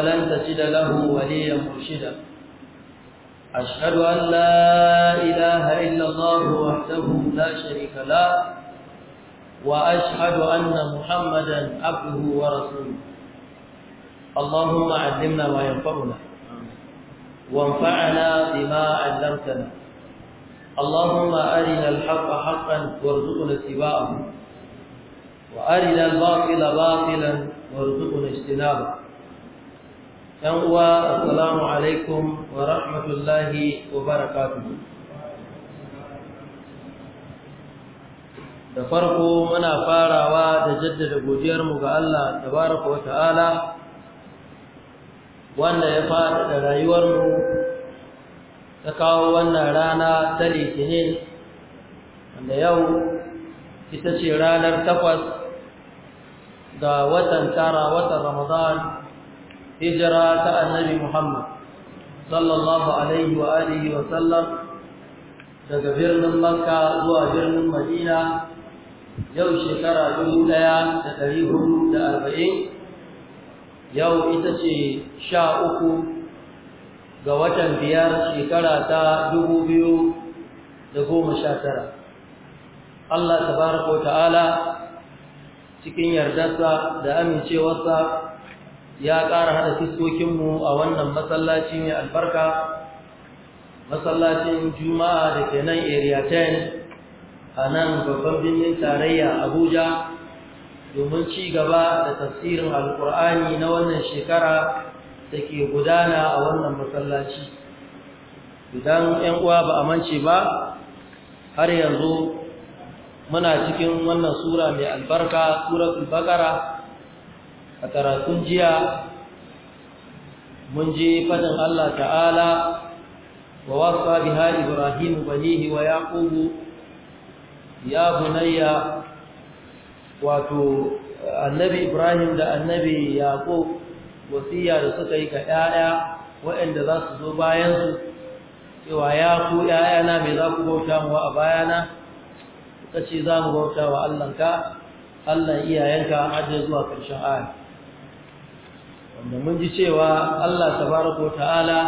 فلن تجد له وليا مرشدا أشهد أن لا إله إلا الله وحده لا شريك له وأشهد أن محمدا عبده ورسوله اللهم علمنا ما ينفعنا وانفعنا بما علمتنا اللهم أرنا الحق حقا وارزقنا اتباعه وأرنا الباطل باطلا وارزقنا اجتنابه yan uwa assalamu alaikum wa rahmatullahi wa barakatuh da farko muna farawa da jaddada godiyarmu ga Allah tabaraka wa ta'ala wanda ya rayuwar mu ta kawo wannan rana ta litinin wanda yau ita ce ranar takwas ga watan tara watan ramadan hijira ta annabi Muhammad sallallahu alaihi wa wa sallam daga birnin Makka zuwa birnin Madina yau shekara dubu ɗaya da ɗari hudu da arba'in yau ita ce sha uku ga watan biyar shekara ta dubu biyu da goma sha tara Allah tabaraka wa ta'ala cikin yardarsa da amincewarsa ya ƙara haɗa mu a wannan matsalaci mai albarka masallacin juma'a da ke nan area 10 a nan babban birnin tarayya abuja domin ci gaba da tafsirin alkur'ani na wannan shekara da ke gudana a wannan masallaci idan 'yan uwa ba a mance ba har yanzu muna cikin wannan sura mai albarka suratul bakara a karatun jiya mun je fadin Allah ta'ala wa wasa biha ibrahim banihi wa yaqub ya bunayya wato annabi ibrahim da annabi yaqub wasiya da suka yi ga 'ya'ya waɗanda za su zo bayan su cewa ya ku 'ya'yana me za ku bauta muwa a bayana suka ce za mu bauta wa allanka, Allah iyayenka har zuwa ƙarshen aya wanda mun ji cewa Allah tabaraka ta'ala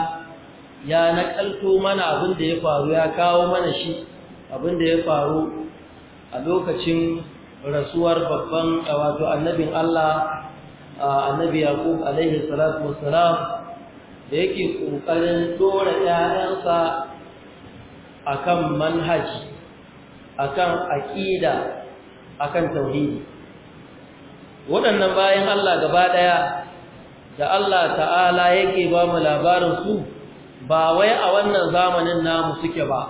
ya nakalto mana abin da ya faru ya kawo mana shi abin da ya faru a lokacin rasuwar babban wato annabin Allah annabi Yaqub alaihi salatu wassalam da yake kokarin dora ƴaƴansa akan manhaji akan aqida akan tauhidi waɗannan bayan Allah gaba ɗaya da Allah ta'ala yake ba mu labarin su ba wai a wannan zamanin namu suke ba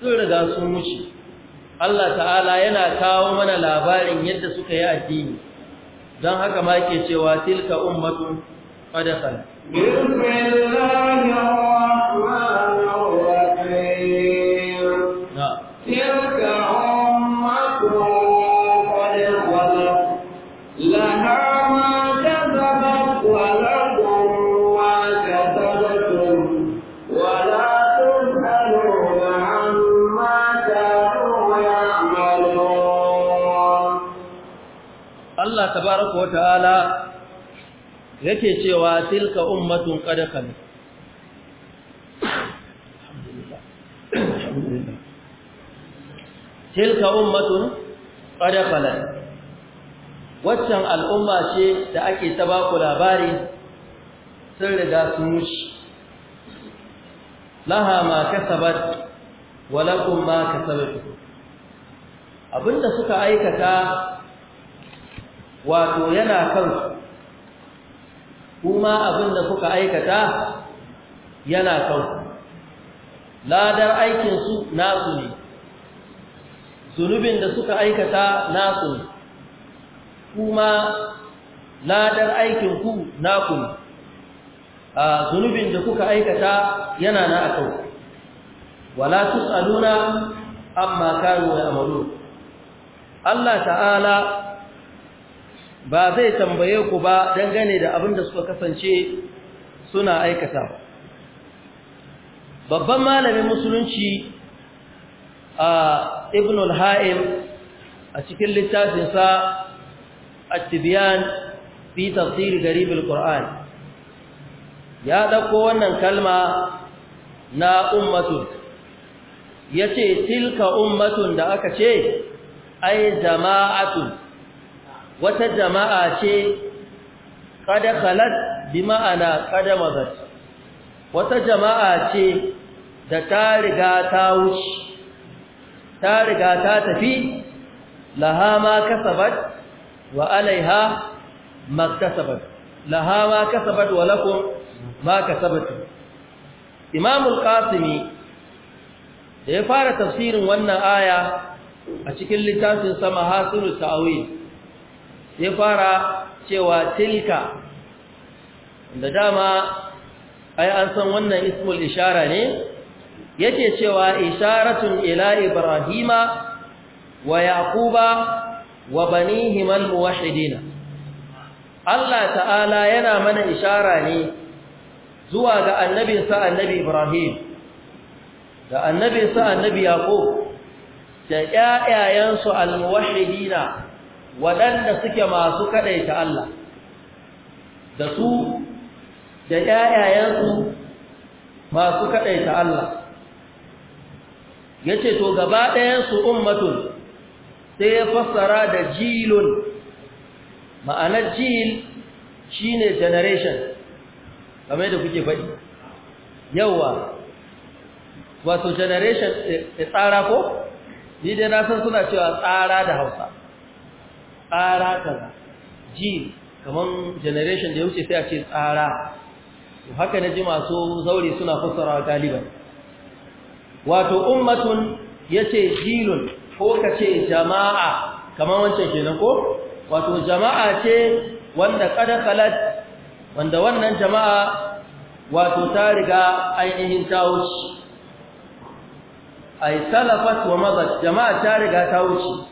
sun riga sun wuce Allah ta'ala yana kawo mana labarin yadda suka yi addini don haka ma yake cewa tilka ummatun qad khalat tabaraka wa ta'ala yake cewa tilka ummatun qad tilka ummatun qad waccan al'umma ce da ake ta ba ku labari sun riga sun wuce laha ma kasabat wa lakum ma kasabtu abinda suka aikata wato yana kansu kuma abin da kuka aikata yana kanku ladar aikinsu nasu ne zunubin da suka aikata nasu ne kuma ladar aikinku naku ne a zunubin da kuka aikata yana na akau wala tus'aluna amma kanu ya'malun Allah ta'ala ba zai tambaye ku ba dangane da abin da suka kasance suna aikata ba babban malamin musulunci a ibn al-ha'im a cikin littafinsa at-tibyan fi tafsir garib quran ya ɗauko wannan kalma na ummatun yace tilka ummatun da aka ce ai jama'atun wata jama'a ce kada khalat bi ma'ana kada mazat wata jama'a ce da ta riga ta wuce ta riga ta tafi laha ma kasabat wa alaiha ma kasabat laha ma kasabat wa lakum ma kasabat imam al-qasimi da ya fara tafsirin wannan aya a cikin littafin sama mahasinul ta'wil sai fara cewa tilka da dama ai an san wannan ismul ishara ne yake cewa isharatun ila ibrahima wa yaquba wa banihim almuwahhidin Allah ta'ala yana mana ishara ne zuwa ga sa annabi ibrahim da sa annabi yaqub da ƴaƴayansu almuwahhidina waɗanda suke masu kaɗaita Allah da su da ƴaƴayensu masu kaɗaita Allah yace to gaba ɗayansu ummatun sai ya fassara da jilun ma'anar jil shine generation kamar da kuke faɗi yawa wato generation eh, eh, tsara ko ni dai na san suna cewa tsara da Hausa tsara kaza ji kaman generation da ya wuce sai a ce tsara to haka na ji masu zaure suna fassara galiban wato ummatun yace jilun ko ka ce jama'a kaman wancan kenan ko wato jama'a ce wanda kada kalat wanda wannan jama'a wato ta riga ainihin ta wuce ai salafat wa mazat jama'a ta riga ta wuce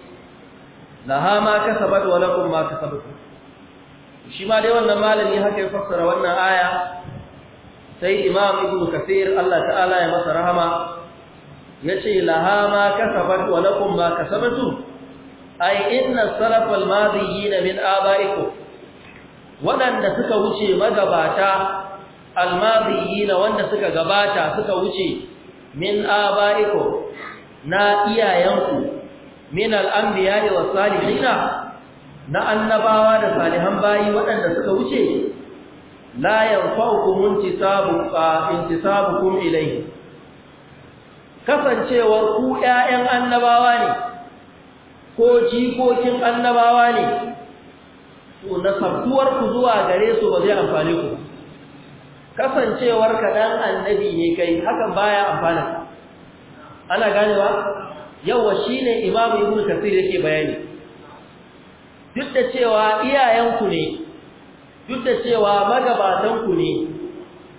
laha ma kasabat wa lakum ma kasabtum shi ma dai wannan malami haka ya fassara wannan aya sai imam ibnu kasir Allah ta'ala ya masa rahama yace laha ma kasabat wa lakum ma kasabtum ay inna salaf al madiyin min abaikum wadanda suka wuce magabata al madiyin wanda suka gabata suka wuce min abaikum na iyayenku min al-anbiya wa salihina na annabawa da salihan bayi waɗanda suka wuce la yanfa'ukum intisabu intisabukum ilayhi kasancewar ku ƴaƴan annabawa ne ko jikokin annabawa ne to nasabtuwar ku zuwa gare su ba zai amfane ku kasancewar ka dan annabi ne kai hakan baya amfana ana ganewa yawa shine imamu ibnu kasir yake bayani duk da cewa iyayenku ne duk da cewa magabatanku ne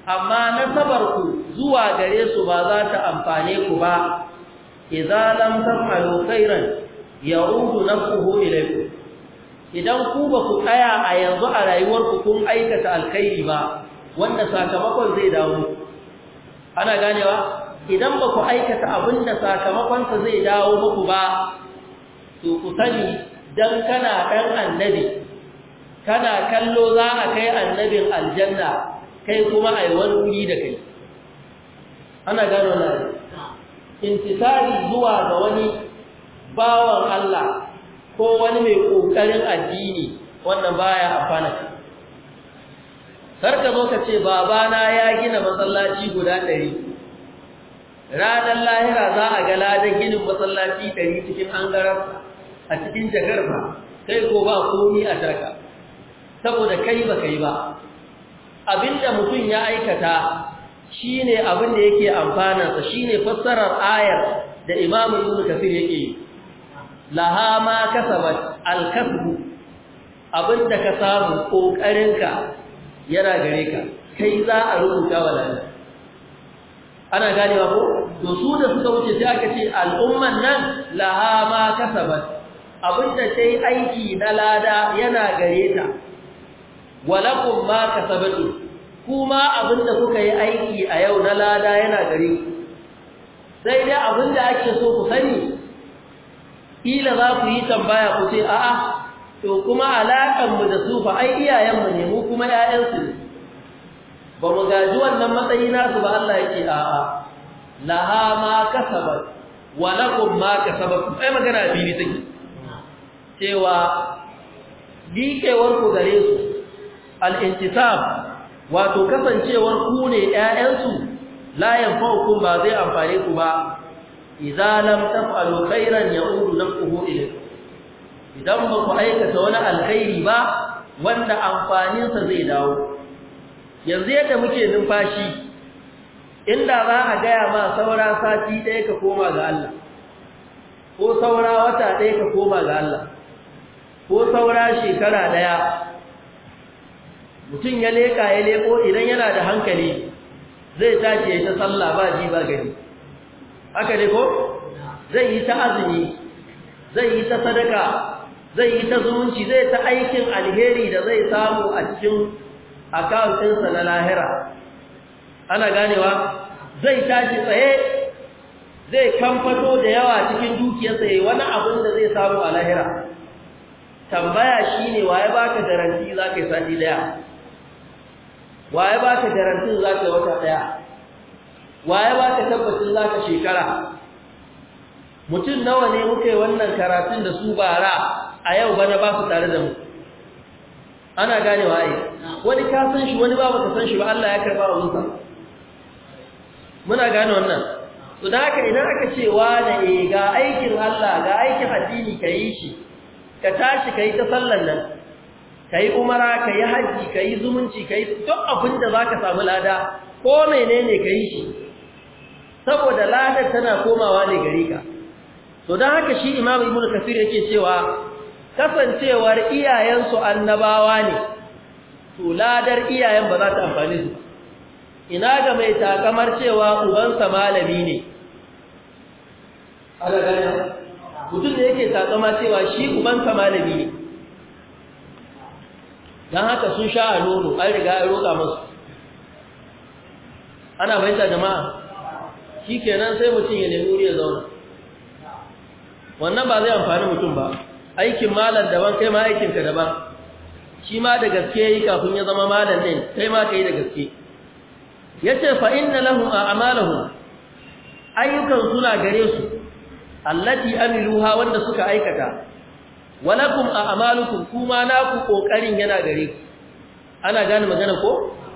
amma nasabarku zuwa gare su ba za ta amfane ku ba idza lam taf'alu khairan ya'udu nafsuhu ilayku idan ku ba ku tsaya a yanzu a rayuwarku kun aikata alkhairi ba wanda sakamakon zai dawo ana ganewa idan ba ku aikata abin da sakamakonsa zai dawo muku ba to ku sani dan kana ɗan annabi kana kallo za a kai annabin aljanna kai kuma a yi wani da kai ana gano na intisari zuwa ga wani bawan Allah ko wani mai ƙoƙarin addini wannan baya amfana sarka zo ka ce babana ya gina masallaci guda ɗari ranar lahira za a ga ladan ginin masallaci ɗari cikin hangarar a cikin jagar ba kai ko ba komi a jarka saboda kai ba kai ba abinda mutum ya aikata shine abin da yake amfana sa shine fassarar ayar da imamu Ibn kafir yake yi laha ma kasabat al-kasbu abinda ka samu ƙoƙarinka yana gare ka kai za a rubuta wa ana ganewa ko to su da suka wuce sai aka ce al'umman nan laha ma kasabat abinda sai aiki na lada yana gare ta walakum ma kasabatu kuma abinda kuka yi aiki a yau na lada yana gare sai dai abinda ake so ku sani kila za ku yi tambaya ku ce a'a to kuma alakan mu da su fa ai iyayenmu ne mu kuma 'ya'yansu ne ba mu gaji wannan matsayi nasu ba Allah yake a'a laha ma kasabat wa lakum ma kasabat ai magana biyu take cewa dikewar ku gare su al-intisab wato kasancewar ku ne ƴaƴan su la yanfa'ukum ba zai amfane ku ba idza lam taf'alu khairan ya'udu nafuhu ilaykum idan ba ku aikata wani alkhairi ba wanda amfaninsa zai dawo yanzu yadda muke numfashi inda za a gaya ma saura sati ɗaya ka koma ga Allah ko saura wata ɗaya ka koma ga Allah ko saura shekara ɗaya mutum ya leƙa ya leƙo idan yana da hankali zai tashi ya ta sallah ba ji ba gari haka ne ko zai yi ta azumi zai yi ta sadaka zai yi ta zumunci zai ta aikin alheri da zai samu a cikin akawun ɗinsa na lahira ana ganewa zai tashi tsaye zai kamfato da yawa cikin dukiyarsa ya wani abin da zai samu a lahira tambaya shi ne waye ba ka garanti za ka yi sati daya waye ba ka garantin za ka yi wata daya waye ba ka tabbacin za ka shekara mutum nawa ne muka yi wannan karatun da su bara a yau bana ba su tare da mu ana ganewa ai wani ka san shi wani babu ka san shi ba Allah ya karba musa? muna gane wannan to da haka idan aka ce wa da eh ga aikin Allah ga aikin addini kai shi ka tashi kai ta sallan nan kai umara kai haji kai zumunci kai duk abin da zaka samu lada ko menene kai shi saboda ladar tana komawa ne gare ka to dan haka shi imamu ibnu kasir yake cewa kasancewar iyayensu annabawa ne to ladar iyayen ba za ta amfani su ina ga mai takamar cewa ubansa malami ne mutum da yake takama cewa shi ubansa malami ne don haka sun sha a nono an riga ya roƙa masu ana baita jama'a shi kenan sai mutum ya nemi wuri ya zauna wannan ba zai amfani mutum ba aikin malam daban kai ma aikin daban shi ma da gaske yi kafin ya zama malam din kai ma kai da gaske yace fa inna a a'malahum ayyukan suna gare su allati amiluha wanda suka aikata walakum a'malukum kuma naku kokarin yana gare ku ana gane magana ko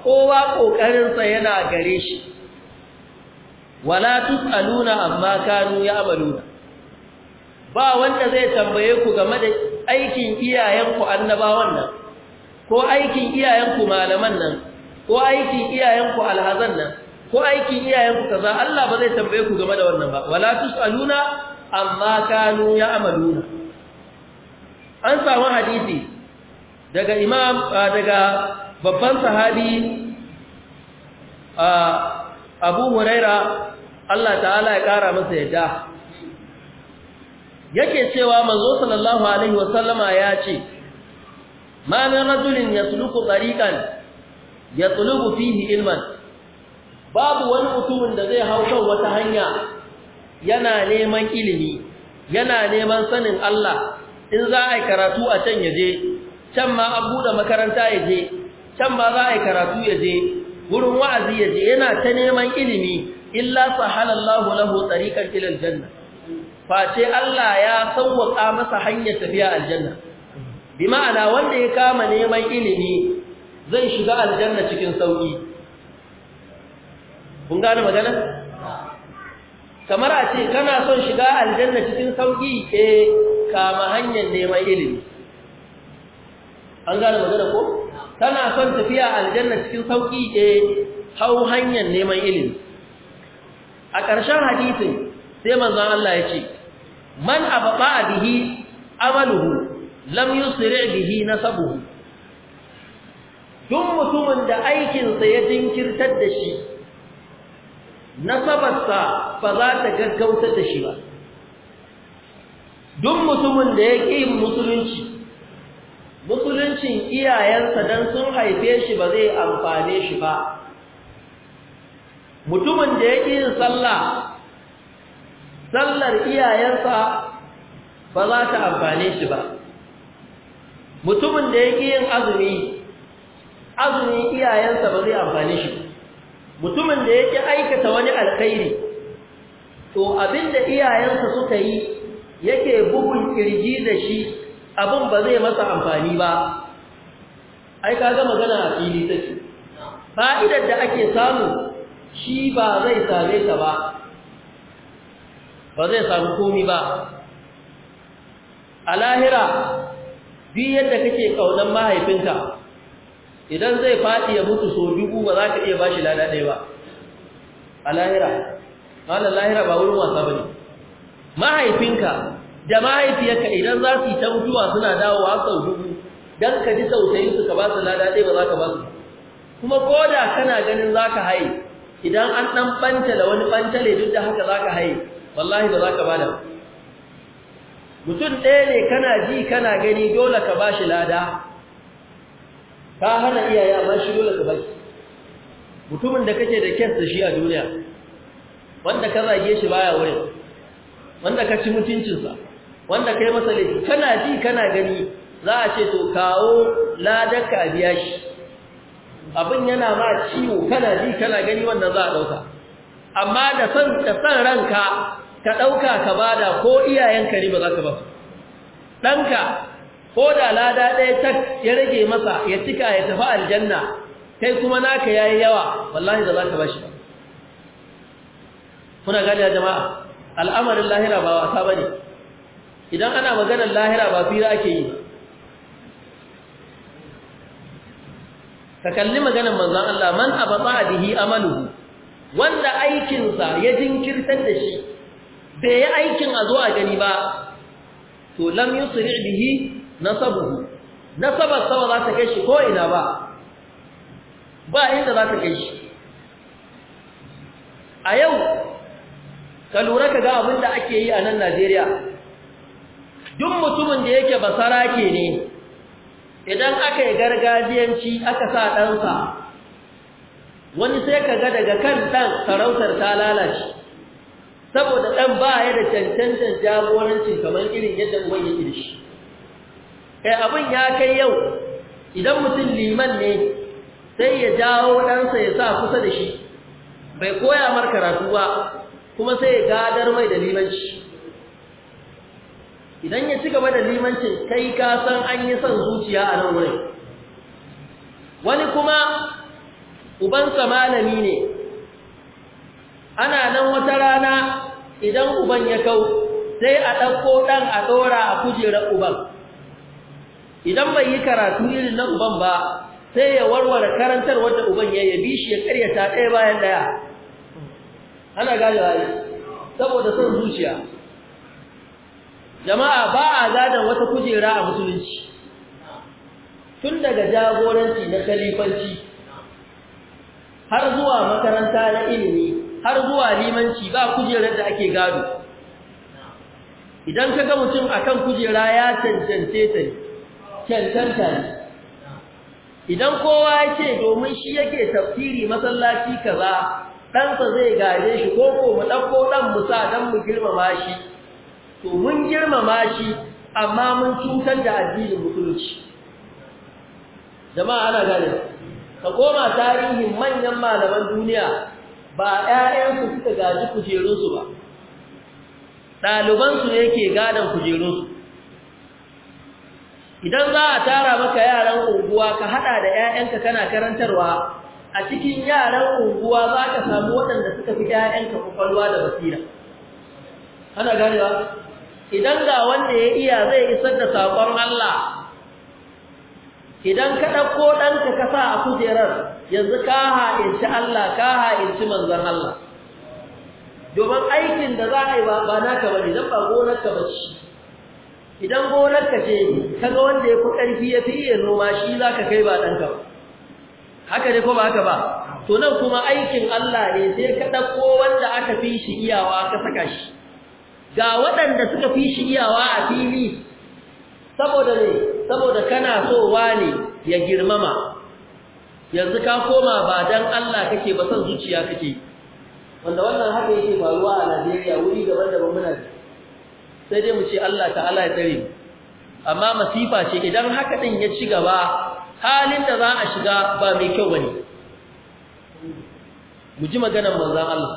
kowa kokarin yana gare shi wala tusaluna amma kanu ya'maluna ba wanda zai tambaye ku game da aikin iyayenku annabawan nan ko aikin iyayenku malaman nan ko aikin iyayenku alhazan nan ko aikin iyayenku kaza Allah ba zai tambaye ku game da wannan ba wala tusaluna amma kanu ya'maluna an samu hadisi daga imam daga babban sahabi Abu hurairah Allah ta'ala ya kara masa yadda yake cewa manzo sallallahu alaihi wasallama ya ce ma min rajulin yasluku tariqan yatlubu fihi ilman babu wani mutumin da zai hau kan wata hanya yana neman ilimi yana neman sanin Allah in za a yi karatu a can yaje can ma an buɗe makaranta yaje can ma za a yi karatu yaje wurin wa'azi yaje yana ta neman ilimi illa sahalallahu lahu tariqan ila aljanna face Allah ya sauwaka masa hanyar tafiya aljanna bi ma'ana wanda ya kama neman ilimi zai shiga aljanna cikin sauki kun gane magana kamar a ce kana son shiga aljanna cikin sauki eh kama hanyar neman ilimi an gane magana ko kana son tafiya aljanna cikin sauki eh hau hanyar neman ilimi a ƙarshen hadisin sai manzon Allah ya ce man a bihi amaluhu lam yusri bihi nasabuhu duk mutumin da aikinsa ya jinkirtar da shi nasabarsa ba za ta gaggauta da shi ba duk mutumin da ya ƙi musulunci musuluncin iyayensa don sun haife shi ba zai amfane shi ba mutumin da ya ƙi yin sallah sallar iyayensa ba za ta amfane shi ba mutumin da yake yin azumi azumi iyayensa ba zai amfane shi mutumin da yake aikata wani alkhairi to abinda iyayensa suka yi yake bugun kirji da shi abin ba zai masa amfani ba ai ka ga magana a fili take fa'idar da ake samu shi ba zai same ta ba ba zai samu komi ba a lahira bi yadda kake kaunan mahaifinka idan zai faɗi ya mutu so dubu ba za ka iya bashi lada ɗaya ba a lahira malar lahira ba wurin wasa ba ne mahaifinka da mahaifiyarka idan za su yi ta mutuwa suna dawowa sau dubu don ka ji tausayin su ka ba su lada ɗaya ba za ka ba su kuma ko da kana ganin za ka haye idan an ɗan da wani ɓantale duk da haka za ka haye wallahi ba za ka bada mutum ɗaya ne kana ji kana gani dole ka bashi lada ka hana iyaye amma shi dole ka baki mutumin da kake da kes da shi a duniya wanda ka zage shi baya wurin wanda ka ci mutuncinsa wanda kai masa laifi kana ji kana gani za a ce to kawo ladarka a biya shi abin yana ma ciwo kana ji kana gani wannan za a ɗauka amma da san da san ranka ka dauka ka bada ko iyayenka ne ba za ka ba danka ko da lada ɗaya tak ya rage masa ya cika ya tafi aljanna kai kuma naka yayi yawa wallahi da za ka bashi kuna gani jama'a al'amarin lahira ba wasa bane idan ana maganar lahira ba fira ake yi ka kalli maganar manzon Allah man abata bihi amaluhu wanda aikinsa ya jinkirtar da shi bai yi aikin a zo a gani ba to lam na bihi Na nasabar sama za ta kai shi ko ina ba ba inda za ta kai shi a yau ka lura ka ga abin da ake yi a nan Najeriya duk mutumin da yake ke ne idan aka yi gargajiyanci aka sa ɗansa wani sai ka ga daga kan ɗan sarautar ta lalace saboda ɗan ba ya da cancantar jagorancin kamar irin yadda uban ya da shi kai abin ya kai yau idan mutum liman ne sai ya jawo ɗansa ya sa kusa da shi bai koya mar karatu ba kuma sai ya gadar mai da limanci idan ya ci gaba da limancin kai ka san an yi son zuciya a nan wurin wani kuma ubansa malami ne ana nan wata rana idan uban ya kau sai a ɗauko ɗan a ɗora a kujerar uban idan bai yi karatu irin na uban ba sai ya warware karantar wanda uban ya yabi shi ya karyata ɗaya bayan ɗaya ana gane wani saboda son zuciya jama'a ba a wata kujera a musulunci tun daga jagoranci na kalifanci har zuwa makaranta na ilimi har zuwa limanci ba kujerar da ake gado idan ka ga mutum akan kujera ya cancanta ta cancanta ne idan kowa ya ce domin shi yake tafsiri masallaci kaza ɗansa zai gaje shi ko ko mu ɗauko ɗan mu sa don mu girmama shi to mun girmama shi amma mun cutar da addinin musulunci jama'a ana gane ka koma tarihin manyan malaman duniya ba ƴaƴansu suka gaji kujerunsu ba ɗalibansu ne ke gadon kujerunsu idan za a tara maka yaran unguwa ka haɗa da ƴaƴanka kana karantarwa a cikin yaran unguwa za ka samu waɗanda suka fi ƴaƴanka kwakwalwa da basira ana ganewa idan ga wanda ya iya zai isar da saƙon Allah idan ka ɗauko ɗanka ka sa a kujerar yanzu ka ha'inci Allah ka ha'inci manzan Allah domin aikin da za a yi ba naka ba ne don ba gonarka ba ce idan gonarka ce kaga wanda ya fi ƙarfi ya fi iya noma shi za ka kai ba ɗanka ba haka ne ko ba haka ba to nan kuma aikin Allah ne sai ka ɗauko wanda aka fi shi iyawa ka saka shi ga waɗanda suka fi shi iyawa a fili saboda ne saboda kana so wani ya girmama yanzu ka koma ba dan Allah kake ba san zuciya kake wanda wannan haka yake faruwa a Najeriya wuri daban-daban muna sai dai mu ce Allah ta'ala ya tsare amma masifa ce idan haka din ya ci gaba halin da za a shiga ba mai kyau bane mu ji maganar manzon Allah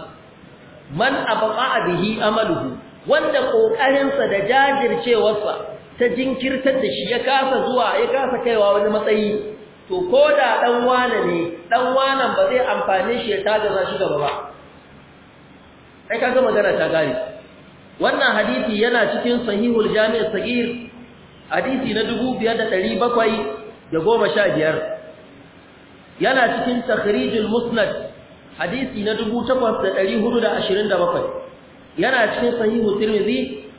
man abqa bihi amaluhu wanda kokarinsa da jajircewarsa ta jinkirtar da shi ya kasa zuwa ya kasa kaiwa wani matsayi to ko da dan wane ne dan wanan ba zai amfane shi ya za shi gaba ba ai kaga magana ta gare wannan hadisi yana cikin sahihul jami' sagir hadisi na 2715 yana cikin takhrijul musnad hadisi na 2427 yana cikin sahihul tirmidhi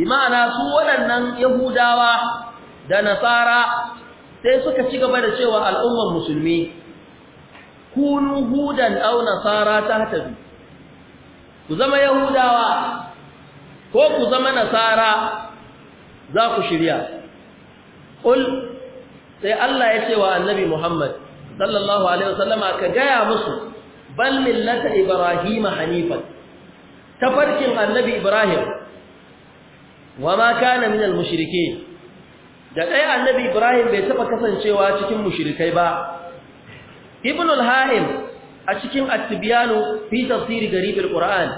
Imana su waɗannan yahudawa da nasara sai suka ci gaba da cewa al'ummar musulmi kunu hudan aw nasara tahtadu ku zama yahudawa ko ku zama nasara za ku shirya qul sai Allah ya ce wa annabi Muhammad sallallahu alaihi wasallama ka gaya musu bal millata ibrahima hanifan tafarkin annabi ibrahim wa ma kana min al da dai annabi Ibrahim bai taba kasancewa cikin mushrikai ba Ibn al-Haim a cikin At-Tibyan fi tafsir garib al-Qur'an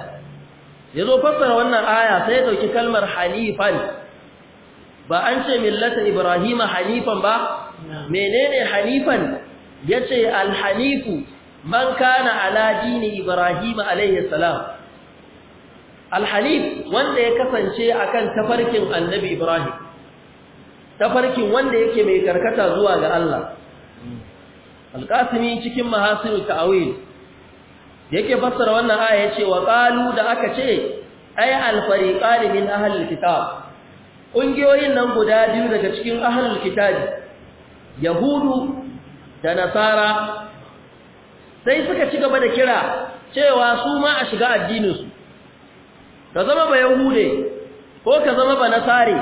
yazo fassara wannan aya sai ya dauki kalmar hanifan ba an ce millata Ibrahim hanifan ba menene hanifan yace al-hanifu man kana ala dini Ibrahim alayhi salam Al-Halif, wanda ya kasance akan tafarkin annabi ibrahim tafarkin wanda yake mai karkata zuwa ga Allah alqasimi cikin mahasinu ta'wil yake fassara wannan aya yace wa qalu da aka ce ay alfariqan min ahli alkitab kungiyoyin nan guda biyu daga cikin ahli alkitab yahudu da nasara sai suka ci gaba da kira cewa su ma a shiga addininsu ka zama ba yahude ko ka zama ba nasare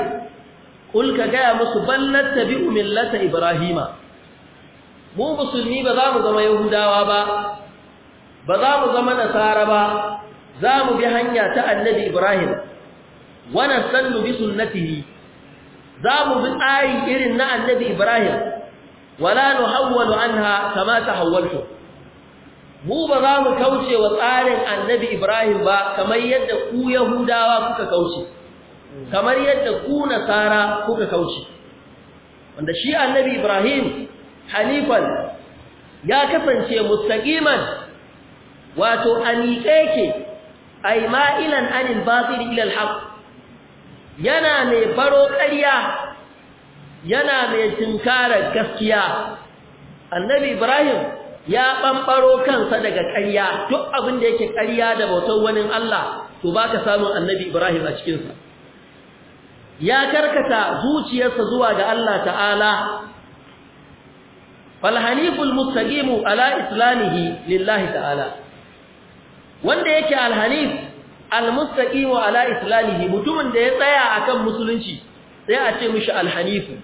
kul ka gaya musu ballat tabi'u millata ibrahima mu musulmi ba za mu zama yahudawa ba ba za mu zama nasara ba za mu bi hanya ta annabi ibrahim wa nasallu bi sunnatihi za mu bi tsari irin na annabi ibrahim wala nuhawwalu anha kama tahawwaltu mu ba za mu kauce wa tsarin annabi Ibrahim ba kamar yadda ku Yahudawa kuka kauce kamar yadda ku Nasara kuka kauce wanda shi annabi Ibrahim hanifan ya kasance mustaqiman wato anike yake ay ma'ilan anil batil ila al yana mai baro ƙarya yana mai tinkara gaskiya annabi Ibrahim ya ɓamɓaro kansa daga ƙarya duk abin da yake ƙarya da bautar wani Allah to baka ka samun annabi Ibrahim a cikinsa ya karkata zuciyarsa zuwa ga Allah ta'ala falhaniful mustaqimu ala islamihi lillahi ta'ala wanda yake alhanif almustaqimu ala islamihi mutumin da ya tsaya akan musulunci sai a ce mishi alhanifu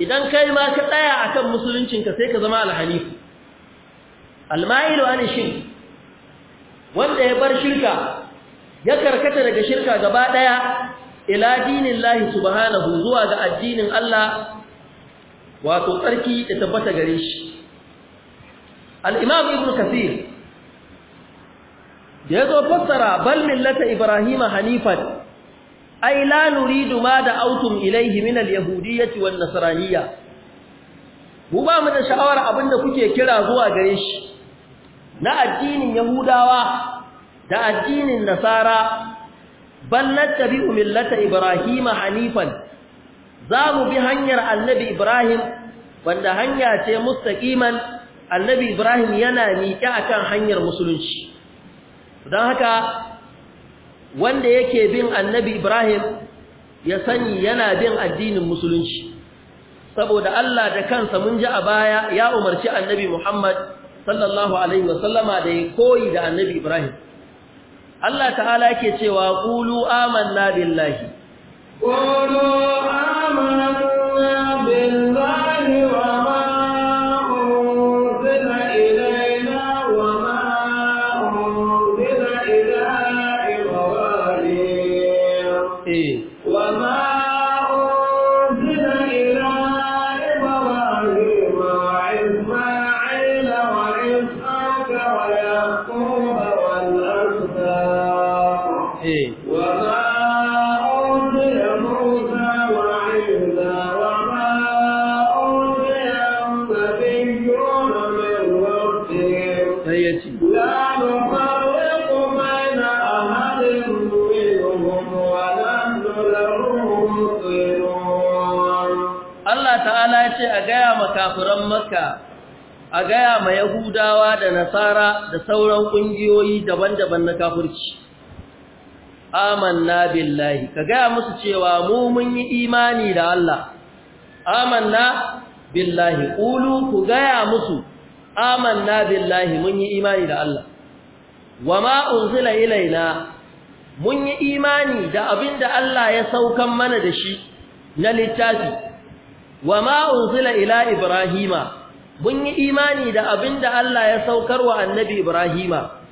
idan kai ma ka tsaya akan musuluncinka sai ka zama alhanifu almailu an wanda ya bar shirka ya karkata daga shirka gaba daya ila dinillahi subhanahu zuwa ga addinin Allah wato tsarki da tabbata gare shi al-imam ibnu kasir da yazo fassara bal millata ibrahima hanifan ay la nuridu ma da autum ilayhi min al-yahudiyyati wan nasraniyya mu ba mu da sha'awar abinda kuke kira zuwa gare shi na addinin yahudawa da addinin nasara bal nattabi'u millata ibrahima hanifan za mu bi hanyar annabi ibrahim wanda hanya ce mustaqiman annabi ibrahim yana miƙe akan hanyar musulunci don haka wanda yake bin annabi ibrahim ya sani yana bin addinin musulunci saboda Allah da kansa mun ji a baya ya umarci annabi muhammad sallallahu alaihi wasallama da ya koyi da annabi Ibrahim Allah ta'ala yake cewa qulu amanna billahi qulu amanna billahi wa ma maka a gaya ma yahudawa da nasara da sauran ƙungiyoyi daban-daban na kafirci amanna billahi ka gaya musu cewa mu mun yi imani da Allah amanna billahi ƙulu ku gaya musu amanna billahi mun yi imani da Allah wa ma’un unzila ilaina mun yi imani da abin da Allah ya saukan mana da shi na littafi wa ma ila ibrahima mun yi imani da abinda Allah ya saukar wa annabi ibrahima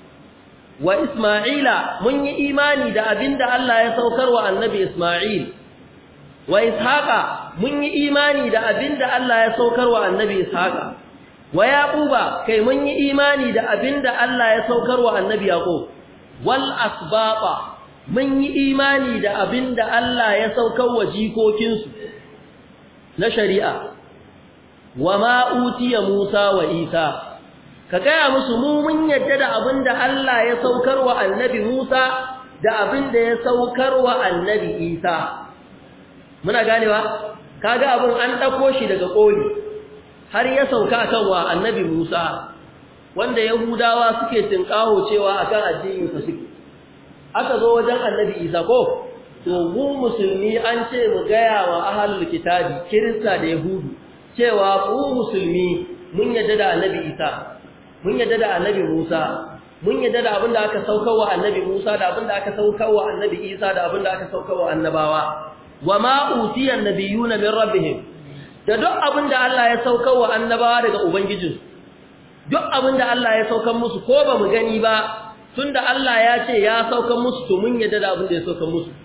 wa isma'ila mun yi imani da abinda Allah ya saukar wa annabi isma'il wa ishaqa mun yi imani da abinda Allah ya saukar wa annabi ishaqa wa yaquba kai mun yi imani da abinda Allah ya saukar wa annabi yaqub wal Asbaba mun yi imani da abinda Allah ya saukar wa jikokinsu na shari'a wa ma'utiya Musa wa Isa ka gaya musu mu mun yadda da abinda Allah ya saukar wa annabi Musa da abinda ya saukar wa annabi Isa muna ganewa ga abin an ɗako shi daga koli har ya sauka kan wa annabi Musa wanda Yahudawa suke tinkaho cewa akan addinin su suke aka zo wajen annabi Isa ko to mu musulmi an ce mu gaya wa ahlul kitabi kirista da yahudu cewa ku musulmi mun yadda da annabi isa mun yadda da annabi musa mun yadda da abinda aka saukar wa annabi musa da abinda aka saukar wa annabi isa da abinda aka saukar wa annabawa wa ma utiya annabiyuna min rabbihim da duk abinda Allah ya saukar wa annabawa daga Ubangijin? duk abinda Allah ya saukar musu ko ba mu gani ba tunda Allah ya ce ya saukar musu to mun yadda da abinda ya saukar musu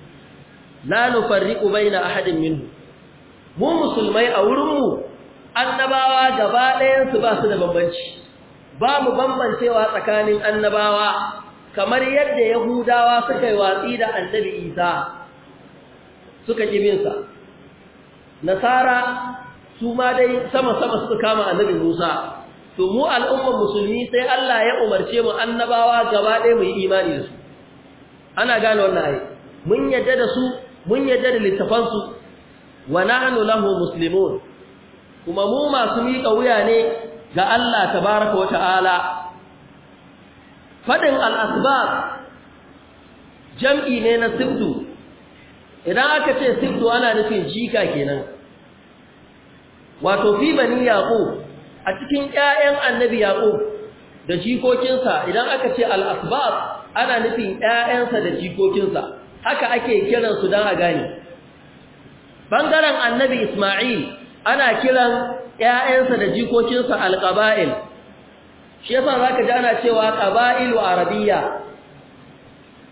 la nufarriqu baina ahadin minhu mu musulmai a wurin mu annabawa gaba ɗayan su ba su da bambanci ba mu bambancewa tsakanin annabawa kamar yadda yahudawa suka yi watsi da annabi isa suka ƙi minsa. nasara su ma dai sama sama suka kama annabi musa to mu al'ummar musulmi sai Allah ya umarce mu annabawa gaba ɗaya mu yi imani da su ana gane wannan ayi mun yadda da su mun yadda da littafansu wa nahnu lahu muslimun kuma mu masu miƙa wuya ne ga Allah tabaraka wata'ala fadin al-asbab jam'i ne na sibdu idan aka ce sibdu ana nufin jika kenan wato fi bani yaqub a cikin 'ya'yan annabi yaqub da jikokinsa idan aka ce al ana nufin 'ya'yansa da jikokinsa haka ake kiran su dan a gane bangaren annabi Isma'il ana kiran ƴaƴansa da jikokinsa alqaba'il shi yasa zaka ji ana cewa qaba'ilu arabiyya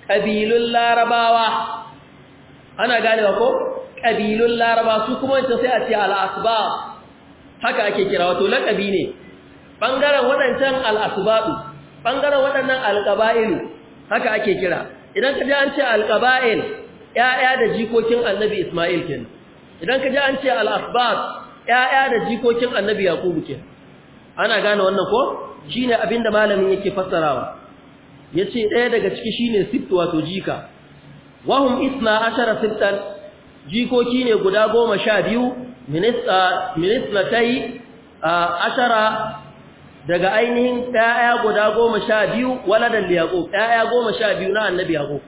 qabilul larabawa ana gane wa ko qabilul laraba su kuma ita sai a ce al-asba haka ake kira wato laqabi ne bangaren wadancan al asbab bangaren wadannan al qaba'il haka ake kira idan ka ji an ce alqaba'il 'ya'ya da jikokin annabi Isma'il kenan idan ka ji an ce al 'ya'ya da jikokin annabi Yakubu kenan ana gane wannan ko Shi shine abinda malamin yake fassarawa Ya ce ɗaya daga ciki shi ne sibt wato jika wahum isna ashara siftan jikoki ne guda goma sha biyu minista yi ashara daga ainihin ƴaƴa guda goma sha biyu waladan yaƙo ƴaƴa goma sha biyu na annabi yaƙo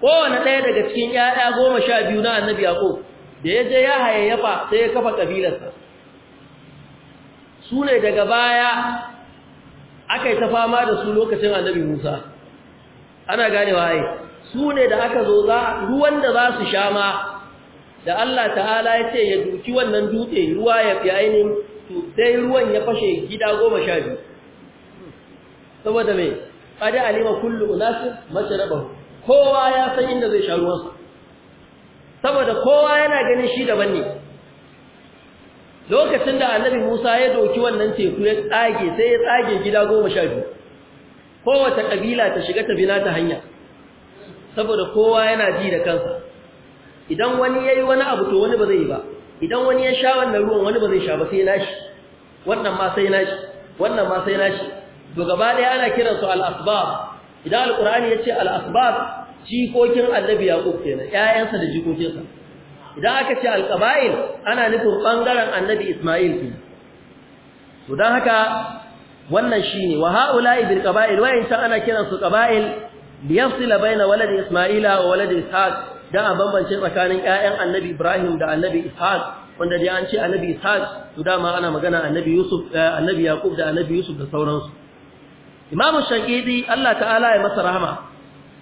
kowane ɗaya daga cikin ƴaƴa goma sha biyu na annabi yaƙo da ya je ya hayayyafa sai ya kafa ƙabilarsa su ne daga baya aka yi ta fama da su lokacin annabi musa ana ganewa ai su ne da aka zo ruwan da za su sha ma da allah ta'ala ya ce ya duki wannan dutse ruwa ya fi ainihin to sai ruwan ya fashe gida goma sha biyu saboda mai kada alima kullu unasin mashrabahu kowa ya san inda zai sha ruwansa saboda kowa yana ganin shi daban ne lokacin da annabi Musa ya doki wannan teku ya tsage sai ya tsage gida goma sha biyu kowace ƙabila ta shiga ta bina ta hanya saboda kowa yana ji da kansa idan wani ya yi wani abu to wani ba zai yi ba idan wani ya sha wannan ruwan wani ba zai sha ba sai nashi wannan ma sai nashi wannan ma sai nashi to gaba ɗaya ana kiran su al-asbab idan alqur'ani ya ce al-asbab jikokin annabi yaqub kenan ƴaƴansa da jikokinsa idan aka ce al-qaba'il ana nufin bangaren annabi isma'il kenan to dan haka wannan shine wa haula'i bil qaba'il wayin ana kiran su qaba'il liyafsila baina walad isma'ila wa walad ishaq dan a bambance tsakanin ƴaƴan annabi Ibrahim da annabi Ishaq wanda dai an ce annabi Ishaq to dama ana magana annabi Yusuf eh, annabi Yaqub da annabi Yusuf da sauransu Imam Shaqiqi Allah ta'ala ya masa rahama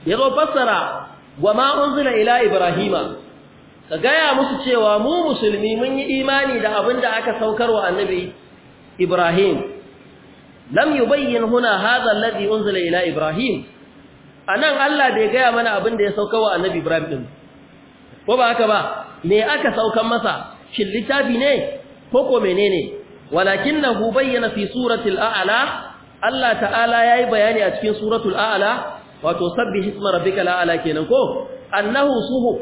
zo fassara wa ma unzila ila Ibrahima ka gaya musu cewa mu musulmi mun yi imani da abin da aka saukar wa annabi Ibrahim lam yubayyin huna hadha alladhi unzila ila Ibrahim anan Allah bai gaya mana abin da ya sauka wa Annabi Ibrahim din ko ba haka ba me aka saukan masa shin littafi ne ko ko menene walakinahu bayyana fi suratul a'la Allah ta'ala yayi bayani a cikin suratul a'la wato sabbih isma rabbikal a'la kenan ko annahu suhu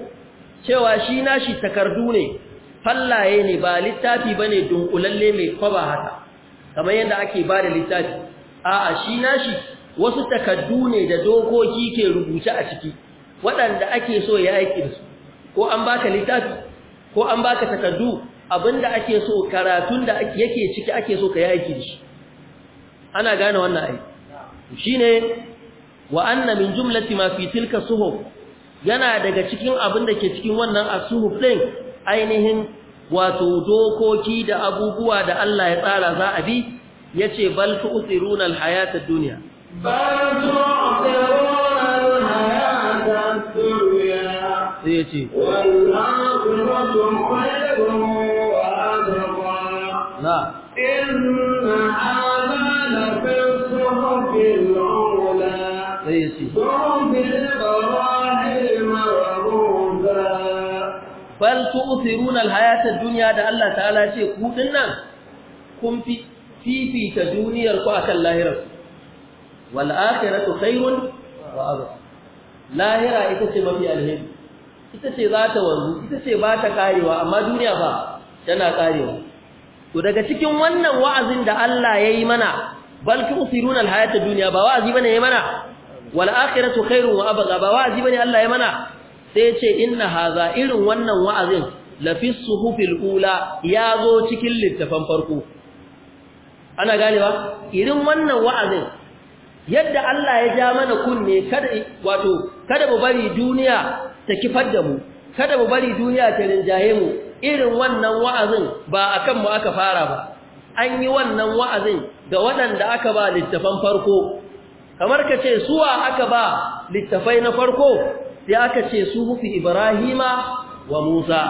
cewa shi nashi takardu ne fallaye ne ba littafi bane dunkulalle mai kwaba haka kamar yadda ake ba da littafi a'a shi nashi wasu takardu ne da dokoki ke rubuce a ciki waɗanda ake so ya aiki da su ko an baka litafi ko an baka takardu abinda ake so karatun da yake ciki ake so ka yi aiki da shi ana gane wannan ai shine wa anna min jumlati ma fi tilka suhuf yana daga cikin abinda ke cikin wannan asuhuf din ainihin wato dokoki da abubuwa da Allah ya tsara za a bi yace bal tu'thiruna al-hayata ad-dunya bal tu'thiruna sai ya ce na sai ya ce bal tu'thiruna al-hayata ad-dunya da Allah ta'ala ce ku dinnan kun fi fifita duniyar ku akan lahirar wal akhiratu khairun wa abqa lahira ita ce mafi alheri ita ce za ta wanzu ita ce ba ta karewa amma duniya ba tana karewa to daga cikin wannan wa'azin da Allah ya yi mana bal tusiruna alhayata duniya ba wa'azi bane ya mana wal akhiratu khairun wa abqa ba wa'azi bane Allah ya mana sai ya ce inna haza irin wannan wa'azin la fi suhufil ula ya zo cikin littafan farko ana gane ba, irin wannan wa'azin yadda Allah ya ja mana kunne kada wato kada mu bari duniya ta kifar da mu kada mu bari duniya ta rinjaye mu irin wannan wa'azin ba akan mu aka fara ba an yi wannan wa'azin ga waɗanda aka ba littafan farko kamar ka ce suwa aka ba littafai na farko sai aka ce su hufi Ibrahima wa Musa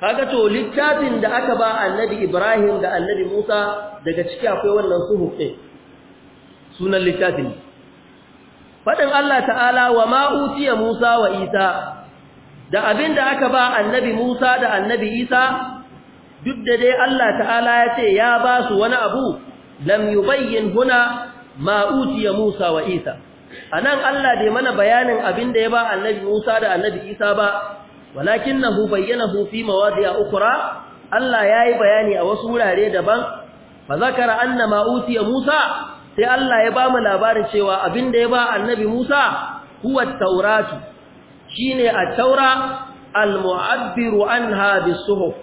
kaga to littafin da aka ba annabi Ibrahim da annabi Musa daga ciki akwai wannan su hufi sunan littafin Faɗin Allah ta'ala wa ma'utiya Musa wa Isa da abinda aka ba annabi Musa da annabi Isa duk da dai Allah ta'ala ya ce ya ba su wani abu lam bayyin huna ma'utiya Musa wa Isa anan Allah bai mana bayanin abinda ya ba annabi Musa da annabi Isa ba walakinahu bayyana fi mawadi'a ukura? Allah yayi bayani a wasu wurare daban fa zakara anna ma ma'utiya Musa sai Allah ya ba mu labarin cewa abin da ya ba annabi Musa huwa tauratu shine a taura al anha bisuhuf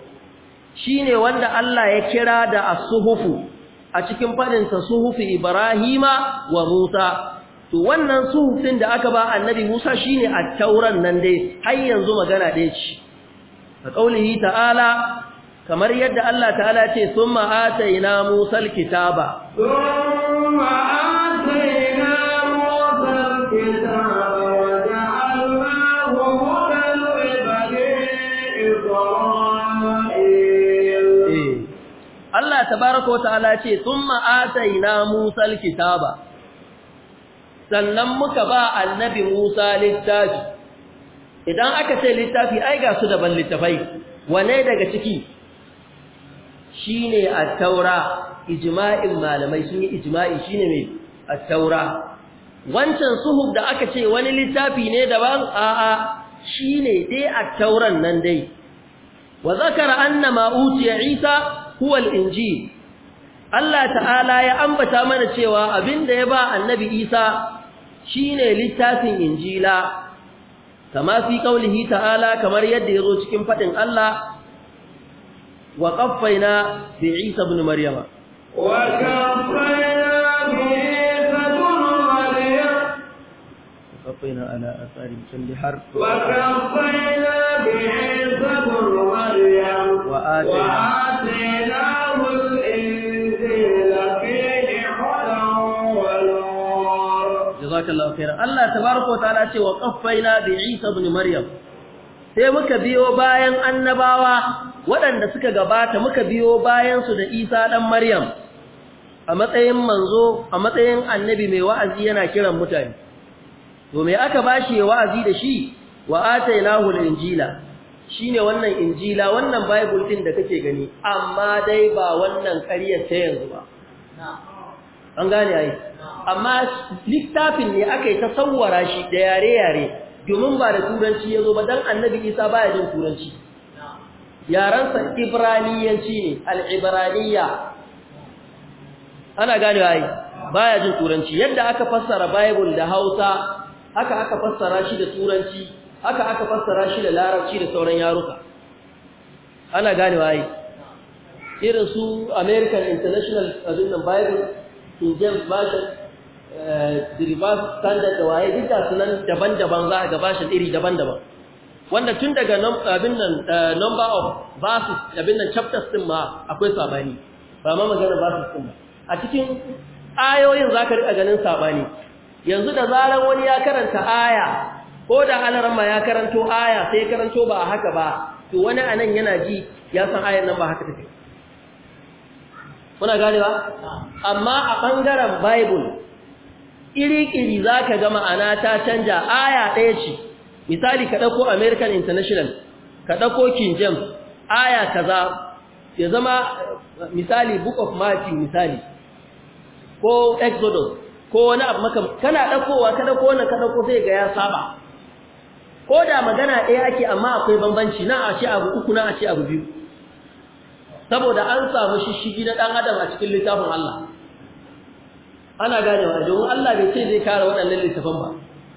shine wanda Allah ya kira da as-suhufu a cikin fadin sa suhufi Ibrahima wa Musa to wannan suhufin da aka ba annabi Musa shine a tauran nan dai har yanzu magana ɗaya ce ka kaulihi ta'ala kamar yadda Allah ta'ala ce summa atayna musal kitaba Allah tabaraka wa ta'ala ce thumma ina Musa kitaba, sannan muka ba annabi Musa littafi idan aka ce littafi ai ga su daban littafai wane daga ciki shine at-taura ijma'in malamai sun yi ijma'i shine mai at-taura wancan suhuf da aka ce wani littafi ne daban a'a shine dai at-tauran nan dai wa zakara anna ma utiya isa huwa al-injil Allah ta'ala ya ambata mana cewa abinda ya ba annabi isa shine littafin injila kama fi ta'ala kamar yadda yazo cikin fadin Allah wa ƙaffaina bi isa ibn maryama وكفينا على اثار كل وكفينا بعيسى بن مريم واتيناه الانجيل فيه هدى ونور جزاك الله خيرا الله تبارك وتعالى وقفينا بعيسى بن مريم sai muka biyo bayan annabawa waɗanda suka gabata muka biyo bayansu da isa ɗan maryam a matsayin manzo a matsayin annabi mai wa'azi yana kiran mutane to me aka bashi wa'azi da shi wa atainahu al-injila shine wannan injila wannan bible din da kake gani amma dai ba wannan ƙaryar ta yanzu ba an gane ai amma littafin ne aka yi tasawwara shi da yare yare domin ba da turanci yazo ba dan annabi Isa baya jin turanci yaransa ibraniyanci ne al-ibraniyya ana ganewa ai baya jin turanci yadda aka fassara bible da hausa haka aka fassara shi da turanci haka aka fassara shi da larabci da sauran yaruka ana ganewa ai irin su american international abin bible king james version eh, the reverse standard da waye duk da sunan daban-daban za a ga bashin iri daban-daban wanda tun daga abin nan eh, number of verses abin nan chapters din ma akwai sabani ba ma magana verses din ba a cikin ayoyin zaka rika ganin sabani yanzu da zaran wani ya karanta aya ko da alarma ya karanto aya sai ya karanto ba haka ba to wani anan yana ji ya san ayan nan ba haka take kuna gane ba amma a ɓangaren bible iri-iri za ka ga ma'ana ta canja aya ɗaya ce misali ka ɗauko american international ka ɗauko king james aya kaza ya zama misali book of matthew misali ko exodus ko wani abu maka kana ɗaukowa ka dauko wannan ka dauko sai ga ya saba ko da magana ɗaya ake amma akwai bambanci na a ce abu uku na a ce abu biyu saboda an samu shishigi na ɗan adam a cikin littafin Allah ana ganewa domin Allah bai ce zai kare waɗannan littafan ba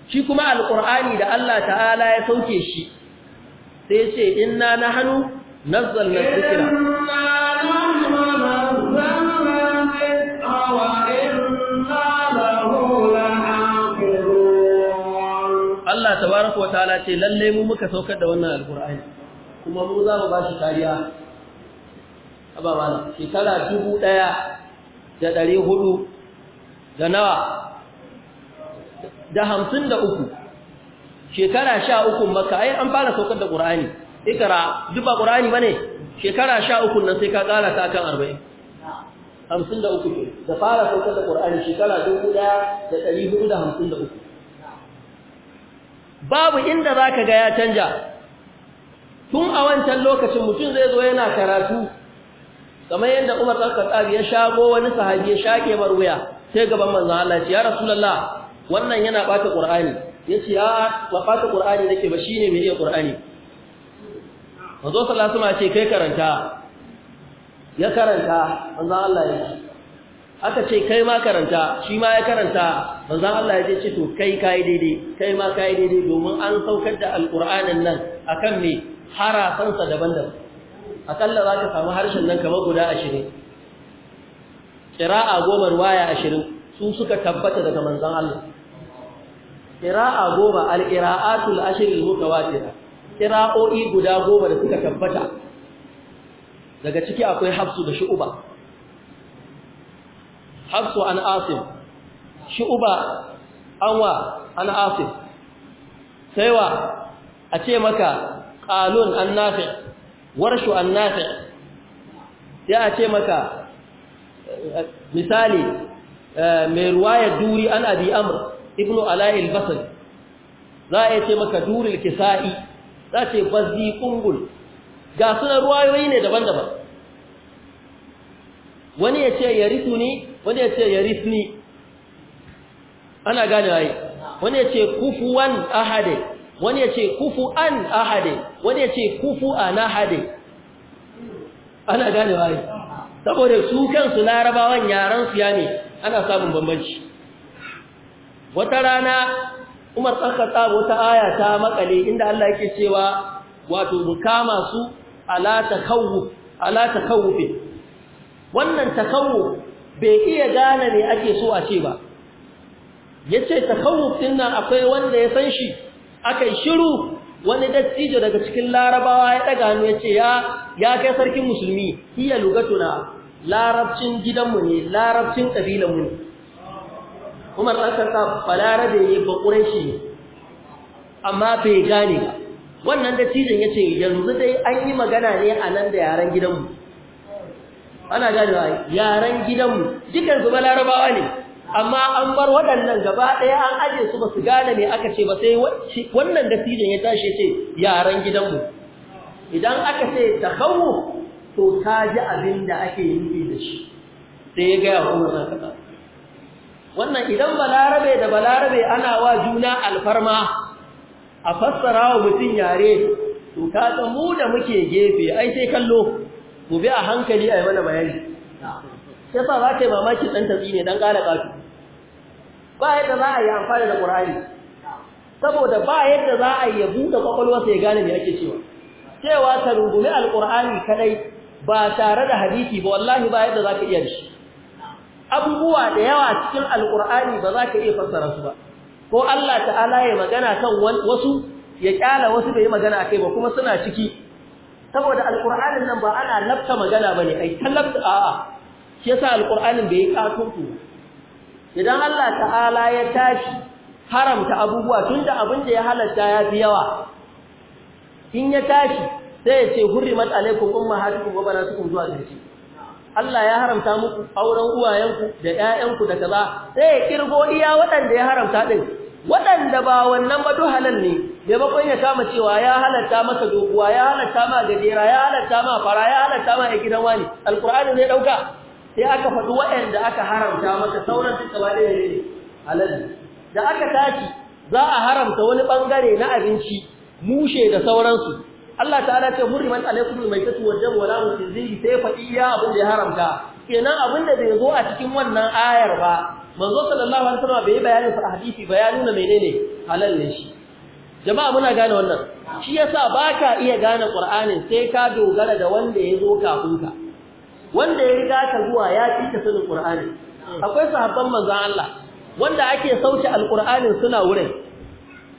shi kuma alqur'ani da Allah ta'ala ya sauke shi sai ya ce inna nahnu nazzalna dhikra tabaraka wa ta'ala ce lalle mu muka saukar da wannan alqur'ani kuma mu za mu bashi kariya aba mana shekara dubu ɗaya da ɗari hudu da nawa da hamsin da uku shekara sha uku maka ai an fara saukar da ƙur'ani ikara duk ba ƙur'ani ba ne shekara sha uku nan sai ka kara ta kan arba'in hamsin da uku da fara saukar da ƙur'ani shekara dubu ɗaya da ɗari hudu da hamsin da uku babu inda za ga ya canja tun a wancan lokacin mutum zai zo yana karatu kamar yadda Umar ɗan ya shago wani sahabi ya shaƙe bar sai gaban manzon Allah ya lalla, wannan yana ɓata ƙur'ani ya ce ya ba ƙur'ani da ke ba shi mai iya Qur'ani manzo sallallahu alaihi ce kai karanta ya karanta manzon Allah ya aka ce kai ma karanta shi ma ya karanta manzon Allah ya ce to kai kai daidai kai ma kai daidai domin an saukar da alqur'anin nan akan me harafansa daban-daban akalla za ka samu harshen nan kamar guda 20 qira'a goma ruwaya 20 su suka tabbata daga manzon Allah qira'a goma alqira'atul qiraatul ashr al qira'o'i guda goma da suka tabbata daga ciki akwai hafsu da shu'ba hafsu an asim shu'uba anwa an asim sai wa a ce maka qalun an nafi warshu an nafi sai a ce maka misali mai ruwaya duri an abi amr ibnu ala'il basri za a ce maka duril kisa'i za ce bazzi kungul ga sunan ruwayoyi ne daban-daban wani ya ce ya ritu ne wani ya ce ya yarisni ana gane yi. wani ya ce kufu kufuwan ahade wani ya ce kufu an ahade wani ya ce kufu an ahade ana gane yi. saboda su kansu larabawan yaran su ya ne ana samun bambanci wata rana Umar ɗan Khattab wata aya ta makale inda Allah yake cewa wato mu su ala takawuf ala takawuf wannan takawu bai iya gane me ake so a ce ba yace takhawuf din nan akwai wanda ya san shi akai shiru wani dattijo daga cikin larabawa ya daga hannu yace ya ya kai sarkin musulmi hiya lugatuna larabcin gidanmu ne larabcin kabilanmu ne Umar dan Khattab balarabe ne ba Quraishi amma bai gane ba wannan dattijon yace yanzu dai an yi magana ne a nan da yaran gidanmu ana ganewa yaran gidanmu dukan su balarabawa ne amma an bar waɗannan gaba ɗaya an aje su ba su gane me aka ce ba sai wannan dattijan ya tashi ce yaran gidanmu idan aka ce ta takawu to ta ji abin da ake nufi da shi sai ya gaya kuma za kaza wannan idan balarabe da balarabe ana wa juna alfarma a fassara wa mutum yare to ka mu da muke gefe ai sai kallo Gobe a hankali a yi mana bayani sai fa za ka yi mamakin ɗan tatsi ne ɗan ƙara ƙafi ba yadda za a yi amfani da ƙur'ani saboda ba yadda za a yi ya buɗe ƙwaƙwalwarsa ya gane me ake cewa cewa ta rungumi alƙur'ani kaɗai ba tare da hadisi ba wallahi ba yadda za ka iya da shi abubuwa da yawa cikin alƙur'ani ba za ka iya fassara su ba ko Allah ta'ala ya magana kan wasu ya ƙyala wasu bai magana a kai ba kuma suna ciki saboda alqur'anin nan ba ana lafta magana bane ai a a'a shi yasa alqur'anin bai ku. idan Allah ta'ala ya tashi haramta abubuwa tunda abin da ya halatta ya fi yawa in ya tashi sai ya ce hurrimat alaikum ummahatukum wa banatukum zuwa gaci Allah ya haramta muku auren uwayenku da ƴaƴanku da kaza sai ya kirgo iya waɗanda ya haramta din waɗanda ba wannan ba halal ne makon ya kama cewa ya halatta masa doguwa ya halatta ma gajera ya halatta ma fara ya halatta ma ya gidan wani alkur'ani zai ɗauka sai aka faɗi waɗanda aka haramta masa sauran duk ba ɗaya ne halal da aka tashi za a haramta wani ɓangare na abinci mushe da sauransu Allah ta'ala ce murriman alaikum almaytatu wad wala wa zai yi sai faɗi ya abin da ya haramta kenan abin da bai zo a cikin wannan ayar ba manzo sallallahu alaihi wasallam bai bayanin sa hadisi ba ya nuna menene halal ne shi jama'a muna gane wannan shi yasa baka iya gane qur'anin sai ka dogara da wanda ya zo kafin ka wanda ya riga ka zuwa ya ci ta sanin qur'ani akwai sahabban manzan Allah wanda ake sauke alqur'anin suna wurin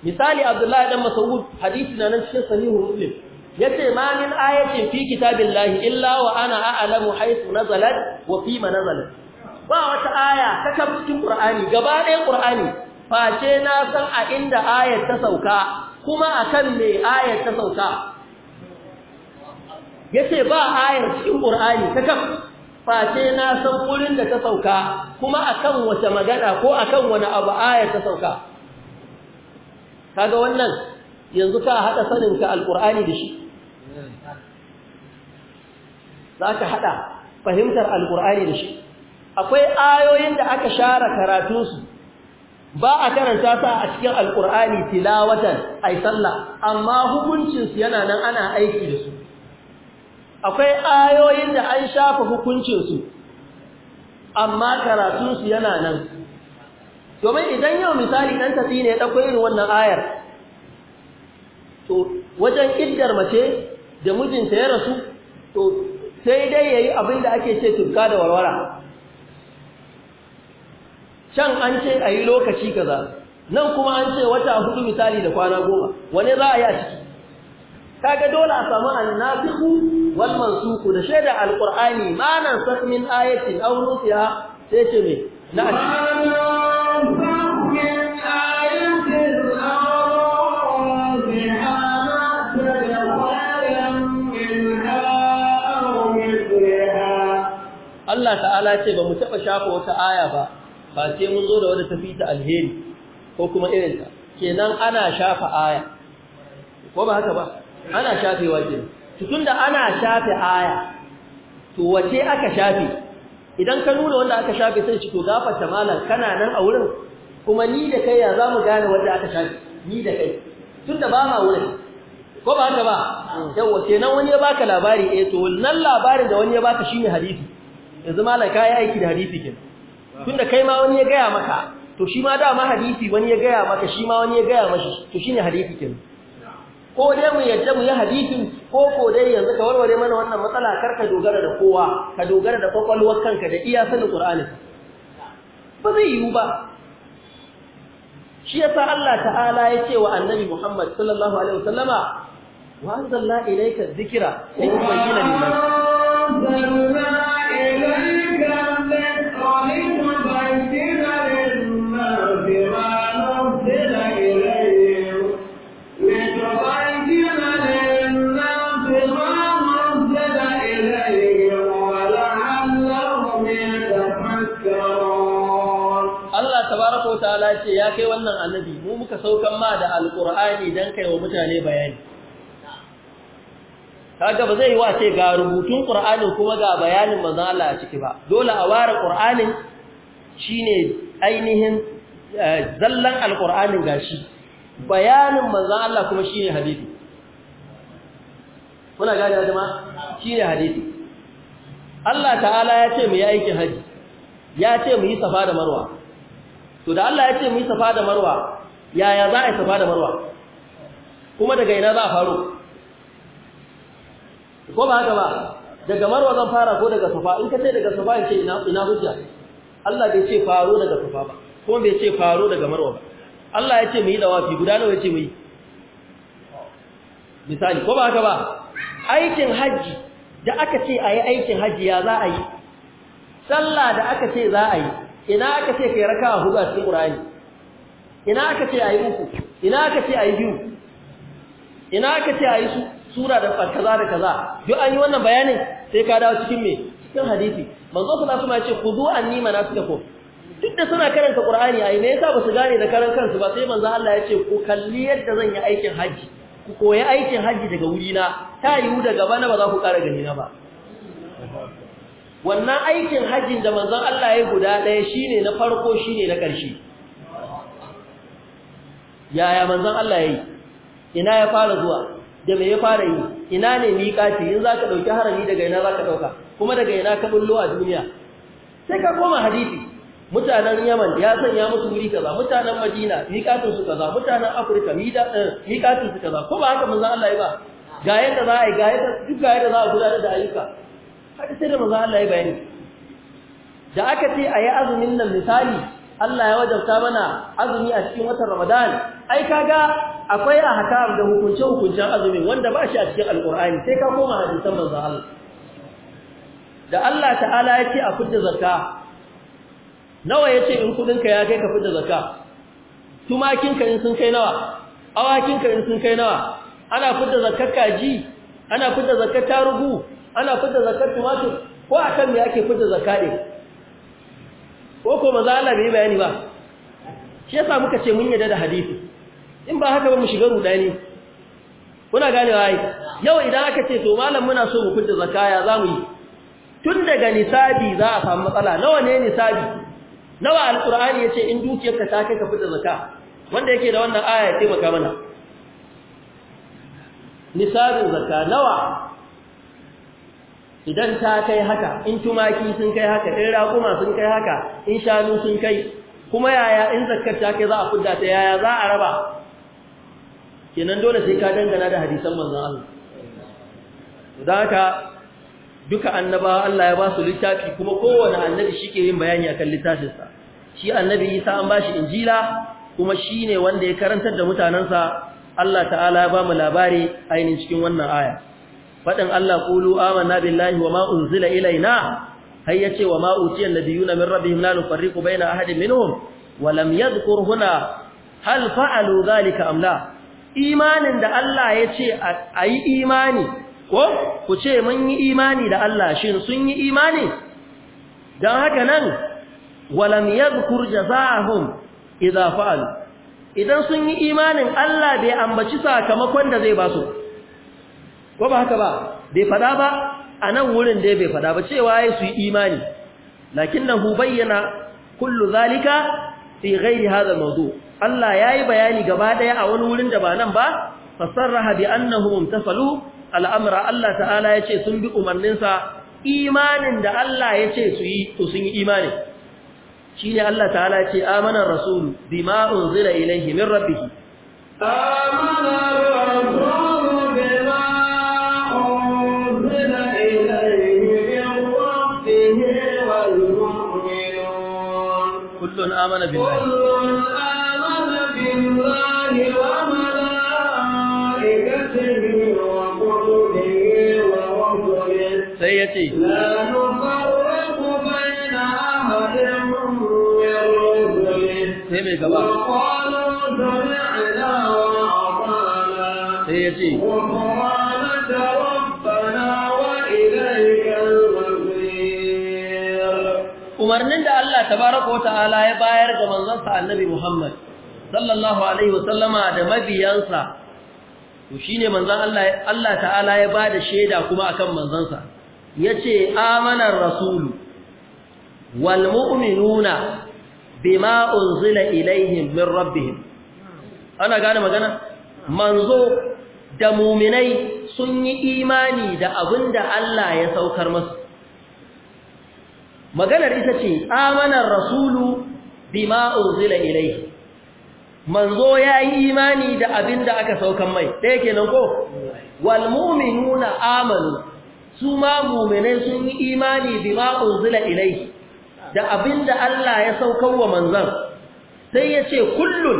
misali Abdullahi dan Mas'ud hadisi na nan cikin sahihu Muslim yace ma min ayatin fi kitabillahi illa wa ana a'lamu haythu nazalat wa fi ma nazalat ba wata aya ta kan cikin Qur'ani gaba ɗaya Qur'ani face na san a inda ayar ta sauka kuma akan me ayar ta sauka yace ba ayar cikin Qur'ani ta kaf face na san wurin da ta sauka kuma akan wace magana ko akan wani abu ayar ta sauka kaga wannan yanzu ka hada sanin ka alqur'ani da shi zaka hada fahimtar alqur'ani da shi akwai ayoyin da aka share karatunsu ba a karanta su a cikin alkur'ani tilawatan ai sallah amma hukuncinsu yana nan ana aiki da su akwai ayoyin da an shafa hukuncinsu amma karatunsu yana nan domin idan yau misali ɗan tafi ne ya ɗauko irin wannan ayar to wajen iddar mace da mijinta ya rasu to sai dai yayi yi abin da ake ce tuka da warwara can an ce a yi lokaci kaza nan kuma an ce wata hudu misali da kwana goma wani za a yi a ciki kaga dole a samu annafiku wal mansuku da shaida alqur'ani ma nan sak min ayatin aw nusiha sai ce me na Allah ta'ala ce ba mu taɓa shafa wata aya ba ba sai mun zo da wadda tafi ta alheri ko kuma irin ta kenan ana shafa aya ko ba haka ba ana shafe waje tun da ana shafe aya to wace aka shafe idan ka nuna wanda aka shafe sai ci to gafarta malam kana nan a wurin kuma ni da kai ya zamu gane wanda aka shafe ni da kai tun da ba ma wurin ko ba haka ba yawa kenan wani ya baka labari eh to wannan labarin da wani ya baka shine hadisi yanzu malam ya aiki da hadisi kenan tunda kai ma wani ya gaya maka to shi ma dama hadisi wani ya gaya maka shi ma wani ya gaya mashi to shine hadisi kin ko dai mu yadda mu yi hadisin ko ko dai yanzu ka warware mana wannan matsala kar ka dogara da kowa ka dogara da kwakwalwar kanka da iya sanin qur'ani ba zai yiwu ba shi yasa Allah ta'ala ya ce wa annabi Muhammad sallallahu alaihi wasallama wa anzalna ilayka dhikra li tubayyana lin-nas ya kai wannan annabi mu muka saukan ma da alqur'ani dan kai wa mutane bayani kaga ba zai wa ce ga rubutun qur'anin kuma ga bayanin manzon Allah a ciki ba dole a ware qur'anin shine ainihin eh, zallan alqur'anin gashi bayanin manzon Allah kuma shine hadisi kuna gane jama'a shine hadisi Allah ta'ala ya ce mu yi aikin haji ya ce mu yi safa da marwa to da Allah ya ce mu yi safa da marwa yaya za a yi safa da marwa kuma daga ina za a faru ko ba haka ba daga marwa zan fara ko daga safa in ka ce daga safa ya ce ina ina hujja Allah bai ce faro daga safa ba kuma bai ce faro daga marwa ba Allah ya ce mu yi dawafi guda nawa ya ce mu yi misali ko ba haka ba aikin haji da aka ce a yi aikin haji ya za a yi sallah da aka ce za a yi ina aka ce kai a huɗu a cikin Qur'ani ina aka ce ayi uku ina aka ce ayi biyu ina aka ce ayi sura da kaza da kaza duk an yi wannan bayanin sai ka dawo cikin me cikin hadisi manzo sallallahu alaihi wasallam ya ce khudu na manasikakum duk da suna karanta a yi me yasa ba su gane da karan kansu ba sai manzo Allah ya ce ku kalli yadda zan yi aikin hajji? ku koyi aikin hajji daga wurina ta yiwu daga bana ba za ku ƙara gani na ba wannan aikin hajjin da manzon Allah ya guda ɗaya shine na farko shine na ƙarshe yaya manzon Allah ya yi ina ya fara zuwa da me ya fara yi ina ne miƙati in zaka dauki harami daga ina zaka dauka kuma daga ina ka bullo a duniya sai ka koma hadisi mutanen Yaman ya sanya musu wuri kaza mutanen Madina miƙatin su kaza mutanen Afirka eh, miƙatin su kaza ko ba haka manzon Allah ya ba ga yadda za a yi ga yadda duk ga yadda za a gudanar da ayyuka hadisin sai da manzo Allah ya bayani da aka ce ayi azumin nan misali Allah ya wajabta mana azumi a cikin watan Ramadan ai kaga akwai ahkam da hukunce hukuncen azumi wanda ba shi a cikin alqur'ani sai ka koma hadisin manzo Allah da Allah ta'ala ya ce a fidda zakka nawa yace in kudin ka ya kai ka fidda zakka tumakin ka in sun kai nawa awakin ka in sun kai nawa ana fidda zakkar kaji ana fidda zakkar tarugu ana fita zakar tumatir ko akan me ake fita zakka ne ko ko maza Allah bai bayani ba shi yasa muka ce mun yadda da hadisi in ba haka ba mu shiga rudani kuna ganewa ai yau idan aka ce to malam muna so mu fita zakka ya zamu yi tun daga nisabi za a samu matsala nawa ne nisabi nawa alqur'ani yace in dukiyarka ta kai ka fita zakka wanda yake da wannan aya ya taimaka mana nisabin zakka nawa idan ta kai haka in tumaki sun kai haka in raƙuma sun kai haka in shanu sun kai kuma yaya in zakkar kai za a fudda ta yaya za a raba kenan dole sai ka dangana da hadisan manzon Allah don haka duka annabawa Allah ya ba su littafi kuma kowane annabi shi ke yin bayani akan littafinsa shi annabi Isa an bashi injila kuma shi ne wanda ya karantar da mutanansa Allah ta'ala ya ba mu labari ainihin cikin wannan aya fadin Allah qulu amanna billahi wama unzila ilaina hay yace wama utiya nabiyuna min rabbihim la nufarriqu baina ahadin minhum wa lam yadhkur huna hal fa'alu dhalika am la imanin da Allah yace ayi imani ko ku ce mun yi imani da Allah shin sun yi imani dan haka nan walam yadhkur jazaahum idza fa'alu idan sun yi imanin Allah bai ambaci sakamakon da zai ba ko ba haka ba bai fada ba a nan wurin dai bai fada ba cewa ya su yi imani lakinnahu bayyana kullu zalika fi ghairi hadha mawdu Allah yayi bayani gaba daya a wani wurin da ba nan ba fasarraha bi annahum tafalu al'amra Allah ta'ala yace sun bi umarninsa imanin da Allah yace su yi to sun yi imani shine Allah ta'ala yace amana rasul bima unzila ilayhi min rabbih amana rasul آمن بالله كل آمن بالله وملائكته وكتبه ورسله سيأتي لا نفرق بين أحد من رسله وقالوا سمعنا وأطعنا سيأتي غفرانك ربنا umarnin da Allah ta baraka wa ta'ala ya bayar ga manzansa annabi Muhammad sallallahu alaihi wa sallama da mabiyansa to shine manzan Allah Allah ta'ala ya bada shaida kuma akan manzansa yace amanar rasulu wal mu'minuna bima unzila ilaihim min rabbihim ana gane magana manzo da mu'minai sun yi imani da abinda Allah ya saukar musu. maganar ita ce amanar rasulu bima urzila ilai, manzo yayi imani da abin aka saukan mai ɗaya kenan ko wal mu'minuna amanu su ma mu'minai sun yi imani bima urzila ilai, da abin Allah ya saukan wa manzan, sai ya ce kullun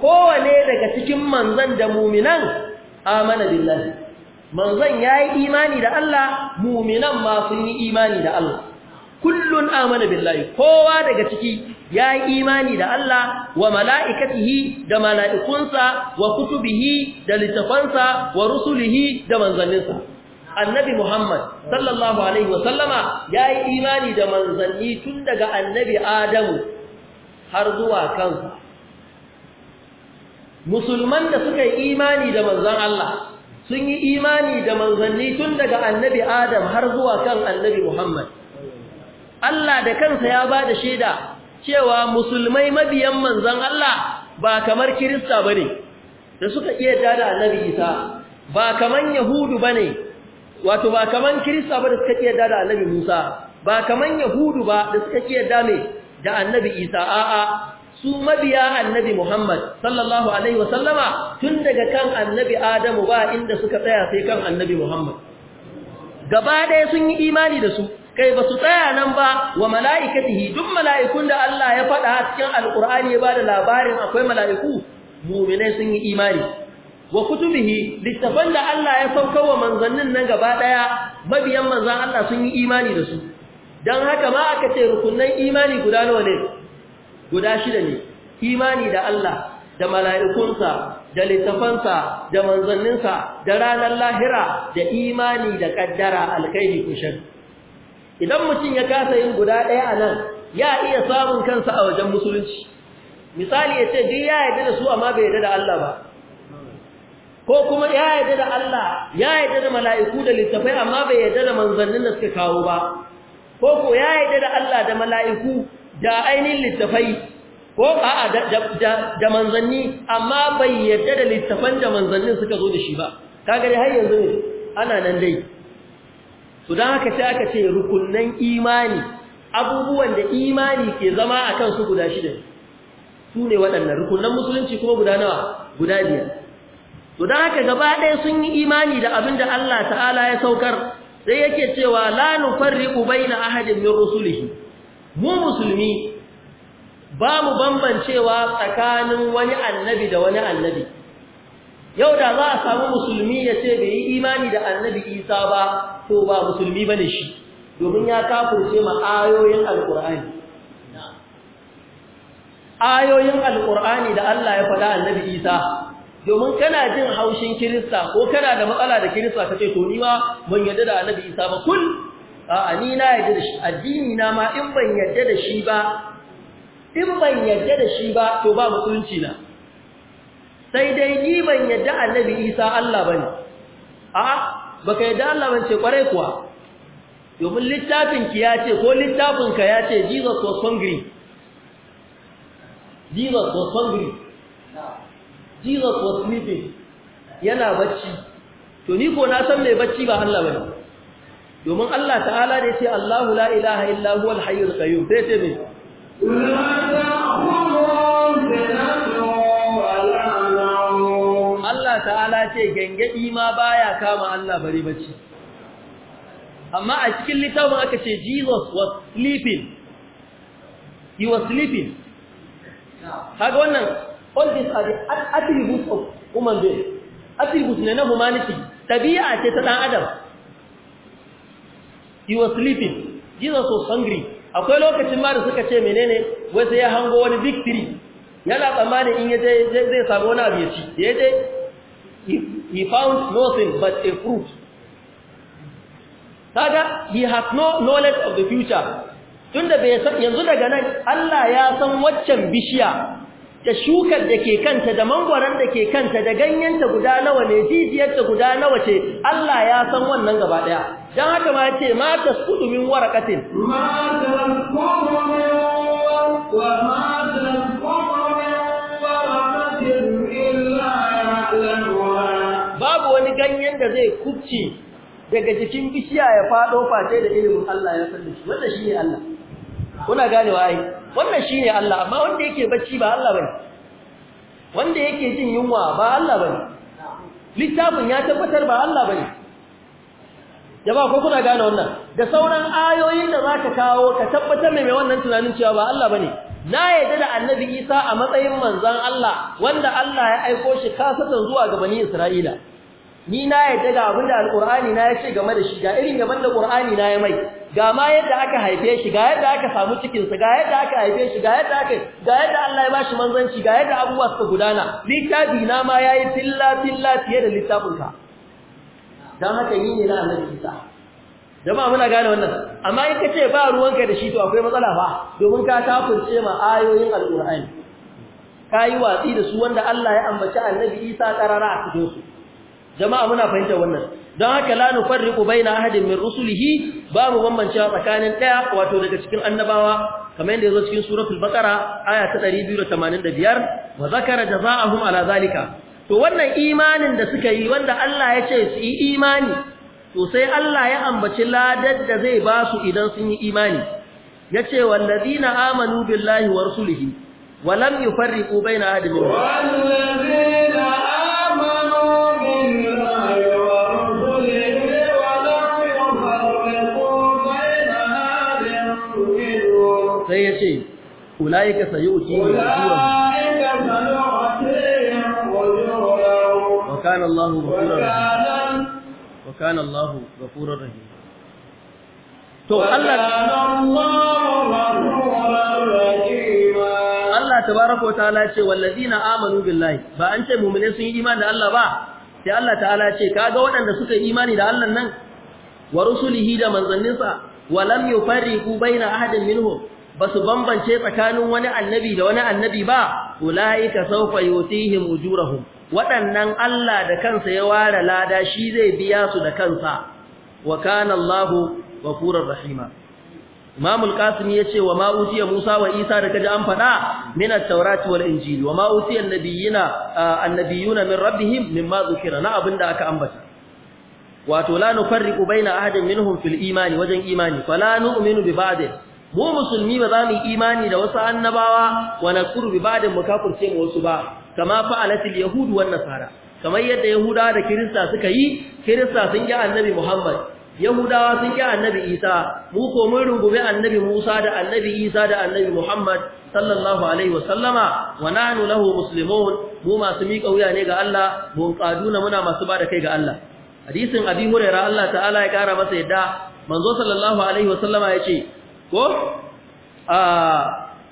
kowane daga cikin manzan da mu'minan amana billahi ya yayi imani da Allah mu'minan ma sun yi imani da Allah kullun amana billahi kowa daga ciki yayi imani da Allah wa malaikatihi da malaikunsa wa kutubihi da litafansa wa rusulihi da manzanninsa annabi Muhammad sallallahu alaihi wa sallama yayi imani da manzanni tun daga annabi Adamu har zuwa kansa musulman da suka yi imani da manzan Allah sun yi imani da manzanni tun daga annabi Adam har zuwa kan annabi Muhammad Allah da kansa ya ba da shaida cewa musulmai mabiyan manzon Allah ba kamar kirista bane da suka iya da annabi Isa ba kamar yahudu bane wato ba kamar kirista ba da suka iya da annabi Musa ba kamar yahudu ba da suka iya da me da annabi Isa a'a su mabiya annabi Muhammad sallallahu alaihi wasallama tun daga kan annabi Adamu ba inda suka tsaya sai kan annabi Muhammad gaba ɗaya sun yi imani da su kai ba su tsaya nan ba wa mala'ikatihi duk mala'ikun da Allah ya faɗa cikin alkur'ani ya ba da labarin akwai mala'iku muminai sun yi imani wa kutubihi littafan da Allah ya sauka wa manzannin nan gaba ɗaya mabiyan manzan Allah sun yi imani da su dan haka ma aka ce rukunnan imani guda nawa ne guda shida ne imani da Allah da mala'ikunsa da littafansa da manzanninsa da ranar lahira da imani da kaddara alkhairi kushin idan mutum ya kasa yin guda ɗaya a nan ya iya samun kansa a wajen musulunci misali ya ce duk ya yarda da su amma bai yarda da Allah ba ko kuma ya yarda da Allah ya yarda da mala'iku da littafai amma bai yarda da manzannin da suka kawo ba ko ko ya yarda da Allah da mala'iku da ainihin littafai ko a'a da manzanni amma bai yarda da littafan da manzannin suka zo da shi ba kaga dai har yanzu ne ana nan dai to dan haka sai aka ce rukunnan imani abubuwan da imani ke zama kan su guda shida su ne waɗannan rukunnan musulunci kuma guda nawa guda biyar to dan haka gaba ɗaya sun yi imani da abin da Allah ta'ala ya saukar sai yake cewa la nufarriqu baina ahadin min rusulihi mu musulmi ba mu bambancewa tsakanin wani annabi da wani annabi yau da za a samu musulmi ya ce bai yi imani da annabi isa ba to ba musulmi ba ne shi domin ya kafurce ma ayoyin alkur'ani ayoyin alkur'ani da allah ya faɗa annabi isa domin kana jin haushin kirista ko kana da matsala da kirista ka ce to ni ma ban yarda da annabi isa ba kun a'a ni na yadda da shi addini na ma in ban yarda da shi ba in ban yadda da shi ba to ba musulunci na sai dai ni ban yadda annabi isa Allah ba ne. a baka yadda Allah bane ce kwarai kuwa domin littafin ki ya ce ko littafin ka ya ce Jesus was hungry Jesus was hungry Jesus was sleeping yana bacci to ni ko na san mai bacci ba Allah ba ne? domin Allah ta'ala da ya ce Allahu la ilaha illa huwal hayyul qayyum sai ce me ta'ala ce gangadi ma baya kama Allah bari bacci amma a cikin littafin aka ce Jesus was sleeping he was sleeping haka wannan all these are the attributes of human being attributes ne na humanity tabi'a ce ta dan adam he was sleeping Jesus was hungry akwai lokacin ma da suka ce menene wai sai ya hango wani victory yana tsammanin in yaje zai samu wani abu ya ci yaje He, he found nothing but a fruit. Kaga, he has no knowledge of the future. Tunda bai san yanzu daga nan Allah ya san waccan bishiya da shukar da ke kanta da mangwaron da ke kanta da ganyenta guda nawa ne jijiyarta guda nawa ce Allah ya san wannan gaba daya dan haka ma ce, ma tasqudu min warakatin. ma tasqudu wa ma yadda zai kubce daga jikin bishiya ya fado face da ilimin Allah ya san shi wannan shine Allah kuna ganewa ai wannan shine Allah amma wanda yake bacci ba Allah bane wanda yake jin yunwa ba Allah bane littafin ya tabbatar ba Allah bane jama'a ko kuna gane wannan da sauran ayoyin da zaka kawo ka tabbatar mai wannan tunanin cewa ba Allah bane na yadda da annabi Isa a matsayin manzon Allah wanda Allah ya aika shi kasatan zuwa ga bani Isra'ila ni na yadda ga abinda alqur'ani na ya ce game da shi ga irin gaban da qur'ani na ya mai ga ma yadda aka haife shi ga yadda aka samu cikin sa ga yadda aka haife shi ga yadda aka ga yadda Allah ya bashi manzanci ga yadda abubuwa suka gudana littafi na ma yayi tilla tilla fiye da littafin ka dan haka ni ne na annabi kisa. jama'a muna gane wannan amma in kace ba ruwanka da shi to akwai matsala fa domin ka kafirce ma ayoyin alqur'ani kai watsi da su wanda Allah ya ambaci annabi Isa karara a cikin su jama'a muna fahimta wannan don haka la nufarriqu baina ahadin min rusulihi babu bambancewa tsakanin daya wato daga cikin annabawa kamar yadda yazo cikin suratul baqara aya ta 285 wa zakara jazaa'ahum ala zalika to wannan imanin da suka yi wanda Allah ya ce su yi imani to sai Allah ya ambaci ladar da zai ba su idan sun yi imani yace wallazina amanu billahi wa rasulihi wa lam yufarriqu baina ahadin minhum ya ce ulaika sayu'tihim ujurahum wa kana Allahu ghafurur rahim wa kana Allahu ghafurur rahim to Allah Allah tabaraka wa ta'ala ce wallazina amanu billahi ba an ce mu'mine sun yi imani da Allah ba sai Allah ta'ala ce kaga waɗanda suka yi imani da Allah nan wa rusulihi da manzanninsa wa lam yufarriqu baina ahadin minhum ba su bambance tsakanin wani annabi da wani annabi ba ulaika sawfa yutihim ujurahum waɗannan Allah da kansa ya ware lada shi zai biya su da kansa wa kana Allahu ghafurur rahima Imam al-Qasim yace wa ma Musa wa Isa da kaji an faɗa min at-Taurati wal Injili wa ma utiya min nabiyina an min rabbihim mimma dhukira na abinda aka ambata wato la nufarriqu baina ahadin minhum fil imani wajen imani fala nu'minu bi ba'dih mu musulmi ba za mu yi imani da wasu annabawa wa na kurbi ba mu kafirce mu wasu ba kama fa'alatil yahud wan nasara kamar yadda yahudawa da kirista suka yi kirista sun ki annabi muhammad yahudawa sun ki annabi isa mu ko mun rungume annabi musa da annabi isa da annabi muhammad sallallahu alaihi wa sallama wa nahnu lahu muslimun mu masu miƙa wuya ne ga Allah mun kaduna muna masu bada kai ga Allah hadisin abi hurairah Allah ta'ala ya kara masa yadda manzo sallallahu alaihi wa sallama yace ko a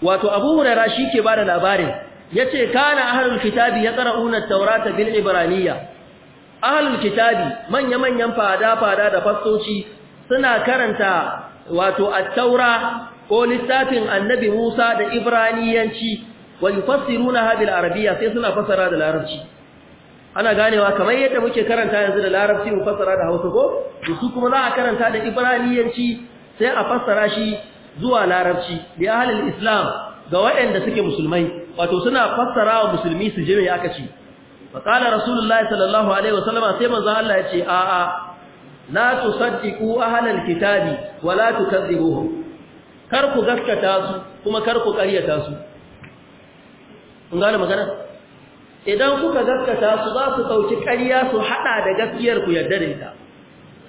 wato Abu Hurairah shike bada labarin yace kana ahlul kitabi yaqra'una at-taurata bil ibraniyya ahlul kitabi manya manyan fada fada da fassoci suna karanta wato at-taura ko littafin annabi Musa da ibraniyanci wa yufassiruna bil arabiyya sai suna fasara da larabci ana ganewa kamar yadda muke karanta yanzu da larabci mu fasara da Hausa ko su kuma za a karanta da ibraniyanci sai a fassara shi zuwa larabci bi ahlil islam ga waɗanda suke musulmai wato suna fassara wa musulmi su je me aka ce fa qala rasulullahi sallallahu alaihi sallama, sai manzo Allah ya ce a a la tusaddiqu ahlal kitabi wa la tukadzibuhum kar ku gaskata su kuma kar ku ƙaryata su kun gane magana idan kuka gaskata su za su ɗauki ƙarya su haɗa da gaskiyar ku yadda da ita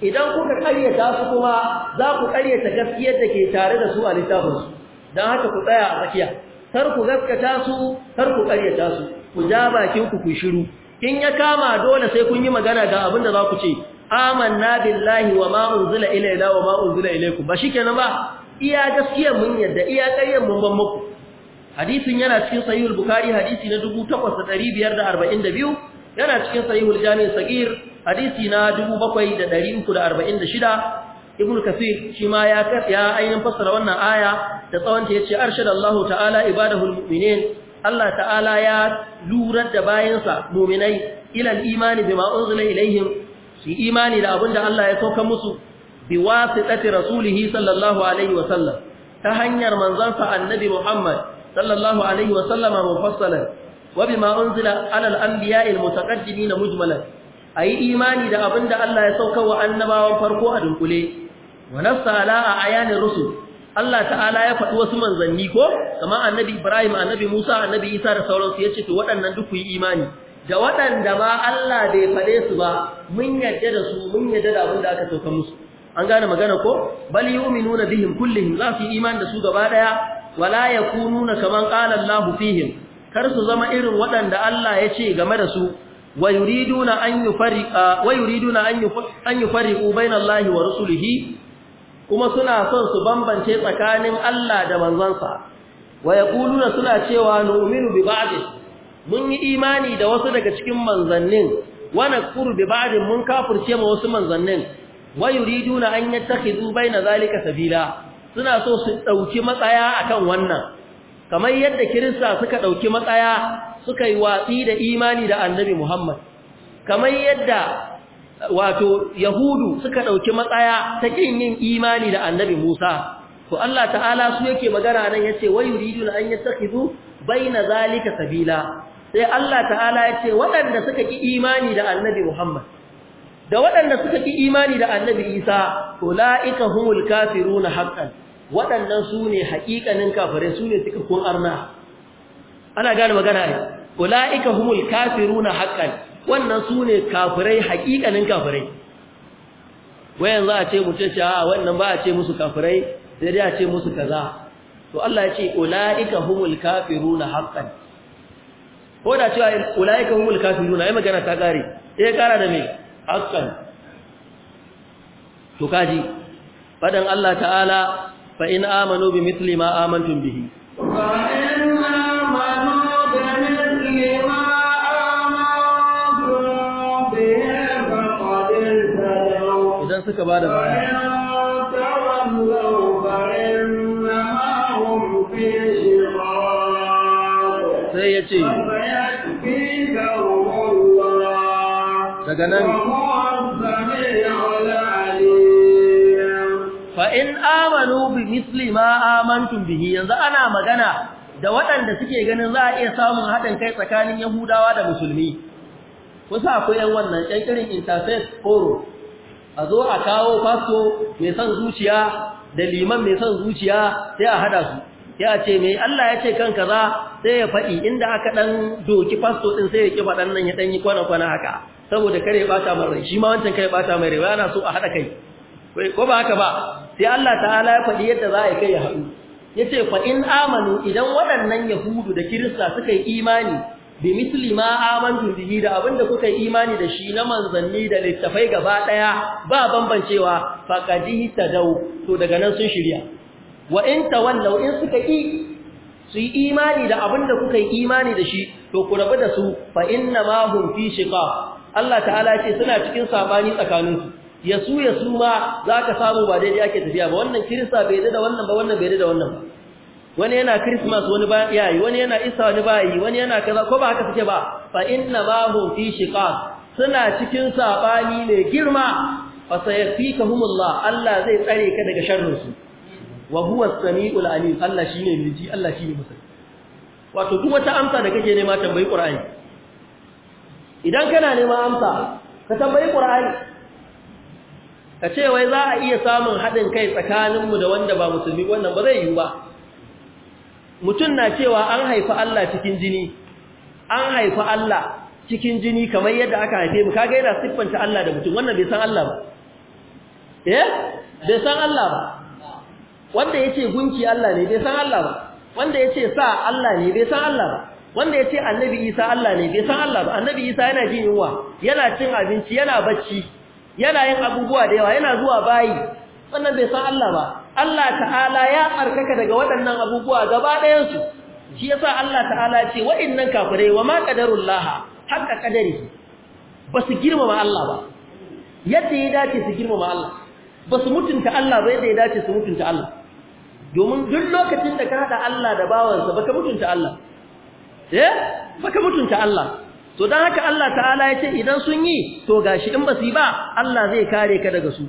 idan kuka karyata su kuma za ku karyata gaskiyar da ke tare da su a littafinsu don haka ku tsaya a tsakiya kar ku gaskata su kar ku karyata su ku ja bakin ku ku shiru in ya kama dole sai kun yi magana ga abin da za ku ce amanna billahi wa ma unzila ilayna wa ma unzila ilaykum ba shikenan ba iya gaskiyar mun yadda iya ƙaryar mun ban muku hadisin yana cikin sahihul bukhari hadisi na 8542 yana cikin sahihul jami' sagir hadisi na 7346 ibnu kasir shi ma ya ya ainin fassara wannan aya da tsawon ta yace arshadallahu ta'ala ibadahul mu'minin Allah ta'ala ya lurar da bayansa mu'minai ila al-imani bima unzila ilaihim su imani da abinda Allah ya sauka musu bi wasitati rasulihi sallallahu alaihi wa sallam ta hanyar manzansa annabi Muhammad sallallahu alaihi wa sallama mufassalan wa bima unzila ala al-anbiya'i al-mutaqaddimin mujmalan a yi imani da abin da Allah ya sauka wa annabawan farko a dunkule wa nafsa ala a ayanin rusu Allah ta'ala ya faɗi wasu manzanni ko kama annabi Ibrahim annabi Musa annabi Isa da sauransu ya ce to waɗannan duk yi imani da waɗanda ma Allah bai faɗe su ba mun yadda da su mun yadda da abin da aka sauka musu an gane magana ko bal yu'minuna bihim kullihim za su yi imani da su gaba daya wala yakununa kaman qala Allah fihim kar su zama irin waɗanda Allah ya ce game da su wa yuriduna an yufarriqa wa yuriduna an yufarriqu bainallahi wa rusulihi kuma suna son su bambance tsakanin Allah da manzansa wa yaquluna suna cewa nu'minu bi mun yi imani da wasu daga cikin manzannin wa nakfuru bi mun kafurce ma wasu manzannin wa yuriduna an yattakhidhu baina zalika sabila suna so su dauki matsaya akan wannan kamar yadda kirista suka ɗauki matsaya suka yi watsi da imani da annabi Muhammad kamar yadda wato yahudu suka dauki matsaya ta kin yin imani da annabi Musa to Allah ta'ala su yake magana nan yace wa yuridu an yattakhidhu baina zalika sabila sai Allah ta'ala yace waɗanda suka ki imani da annabi Muhammad da waɗanda suka ki imani da annabi Isa to la'ika humul kafiruna haqqan waɗannan su ne haƙiƙanin kafirai su ne suka kun arna ana gane magana ne. ulaika humul kafiruna haqqan wannan sune kafirai haƙiƙanin kafirai wayan za a ce mu ce a wannan ba a ce musu kafirai sai dai a ce musu kaza to Allah ya ce ulaika humul kafiruna haqqan ko da cewa ulaika humul kafiruna ai magana ta kare sai eh, kara da me haqqan to kaji fadan Allah ta'ala fa in amanu bi mithli ma amantum bihi suka ba da baya sai ya ce daga nan fa'in amanu bi misli ma amantun bihi yanzu ana magana da waɗanda suke ganin za a iya samun haɗin kai tsakanin yahudawa da musulmi kusa akwai ‘yan wannan ƙyanƙirin irin interfaith a zo a kawo fasto mai son zuciya da liman mai son zuciya sai a hada su ya ce mai Allah ya ce kan kaza sai ya faɗi inda aka ɗan doki fasto ɗin sai ya ƙi faɗan nan ya ɗan yi kwana-kwana haka saboda kare ɓata mai rai shi ma wancan kare ɓata mai rai yana so a haɗa kai ko ba haka ba sai Allah ta'ala ya faɗi yadda za a kai ya haɗu ya ce fa in amanu idan waɗannan yahudu da kirista suka yi imani bi misli ma amantu bihi da abinda kuka yi imani da shi na manzanni da littafai gaba daya ba bambancewa faqadihi dau to daga nan sun shirya wa in tawallu in suka yi su yi imani da abinda kuka yi imani da shi to ku rabu da su fa inna ma hum fi shiqa Allah ta'ala ce suna cikin sabani tsakaninsu yasu yasu ma zaka samu ba daidai ake tafiya ba wannan kirista bai da wannan ba wannan bai da wannan ba wani yana christmas wani ba ya yi wani yana isa wani ba yi wani yana kaza ko ba haka suke ba fa inna ma hum fi shiqaq suna cikin sabani ne girma fa sayfikahumullah Allah zai tsare ka daga sharrin su wa huwa as-sami'ul alim Allah shine mai ji Allah shine masani wato duk wata amsa da kake nema tambayi Qur'ani idan kana nema amsa ka tambayi Qur'ani ka ce wai za a iya samun haɗin kai tsakaninmu da wanda ba musulmi wannan ba zai yiwu ba mutum na cewa an haifi Allah cikin jini an haifi Allah cikin jini kamar yadda aka haife mu kaga yana siffanta Allah da mutum wannan bai san Allah ba eh bai san Allah ba wanda yace gunki Allah ne bai san Allah ba wanda yace sa Allah ne bai san Allah ba wanda yace annabi Isa Allah ne bai san Allah ba annabi Isa yana jin yunwa yana cin abinci yana bacci yana yin abubuwa da yawa yana zuwa bayi wannan bai san Allah ba Allah ta'ala ya tsarkaka daga waɗannan abubuwa gaba ɗayansu shi yasa Allah ta'ala ce wa'annan kafirai wa ma qadarullah haƙa qadari ba su girmama Allah ba yadda ya dace su girmama Allah ba su mutunta Allah ba yadda ya dace su mutunta Allah domin duk lokacin da ka hada Allah da bawansa baka mutunta Allah eh baka mutunta Allah to dan haka Allah ta'ala ya ce idan sun yi to gashi in ba su yi ba Allah zai kare ka daga su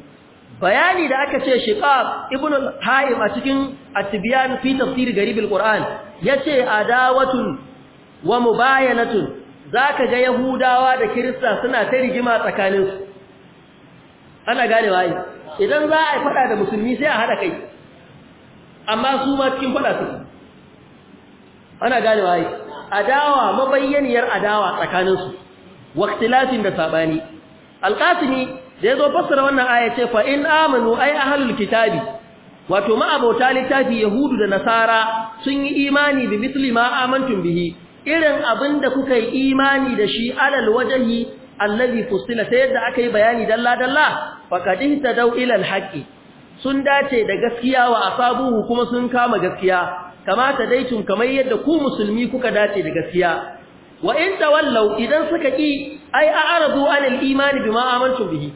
bayani da aka ce shiqab ibnu al-haim a cikin at-tibyan fi tafsir garib al-quran yace adawatun wa mubayanatun zaka ga yahudawa da kirista suna ta rigima tsakanin su ana gane wai idan za a fada da musulmi sai a hada kai amma su ma cikin fada su ana gane wai adawa mabayyaniyar adawa tsakanin su waqtilatin da sabani al-qasimi da yazo fassara wannan aya ce fa in amanu ay ahlul kitabi wato abota, littafi yahudu da nasara sun yi imani bi misli ma amantum bihi irin abinda kuka yi imani da shi alal wajhi allazi fustila sai yadda aka yi bayani dalla dalla ta ihtadaw ila alhaqi sun dace da gaskiya wa asabuhu kuma sun kama gaskiya kamata daitun kamar yadda ku musulmi kuka dace da gaskiya wa in tawallu idan suka ki ai a'radu anil imani bima amantum bihi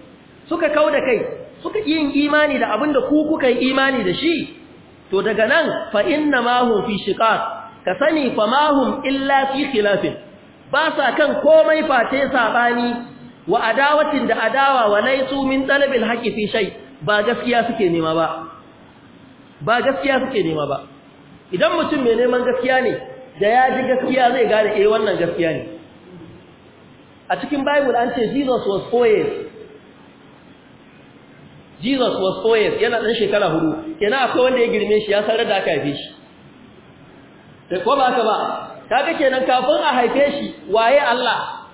suka kau da kai suka yin imani da abinda ku kuka yi imani da shi to daga nan fa inna ma hum fi shiqaq ka sani fa ma hum illa fi khilafin ba sa kan komai face sabani wa adawatin da adawa wa laysu min talabil haqi fi shay ba gaskiya suke nema ba ba gaskiya suke nema ba idan mutum mai neman gaskiya ne da ya ji gaskiya zai gane eh wannan gaskiya ne a cikin bible an ce jesus was four Jesus was four years yana dan shekara hudu kenan akwai wanda ya girme shi ya sanar da aka haife shi da ko ba ka ba kaga kenan kafin a haife shi waye Allah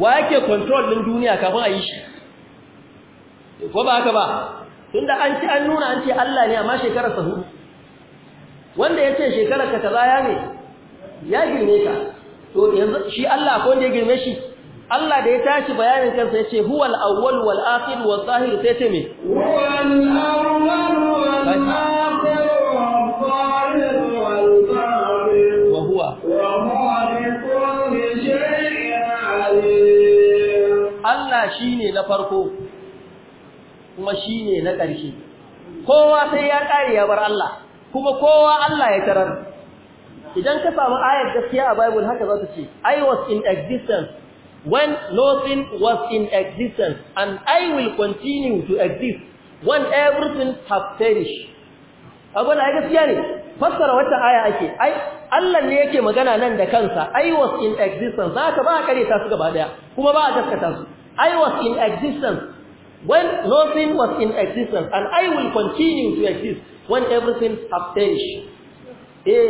wa ke control din duniya kafin a yi shi ko ba haka ba tunda an ci an nuna an ce Allah ne amma shekarar sa hudu wanda yace shekarar ka ta zaya ne ya girme ka to yanzu shi Allah akwai wanda ya girme shi Allah da ya tashi bayanin kansa ya yace huwal awwal wal akhir wal zahir sai ce me huwal awwal wal akhir wal zahir wal zahir wa huwa wa huwa Allah shine na farko kuma shine na ƙarshe kowa sai ya ƙare ya bar Allah kuma kowa Allah ya tarar idan ka samu ayar gaskiya a Bible haka za ta ce I was in existence when nothing was in existence and I will continue to exist when everything have perished abin ai gaskiya ne fassara wata aya ake ai Allah ne yake magana nan da kansa I was in existence za zaka ba kare ta su gaba daya kuma ba a gaskata su I was in existence when nothing was in existence and I will continue to exist when everything have perished eh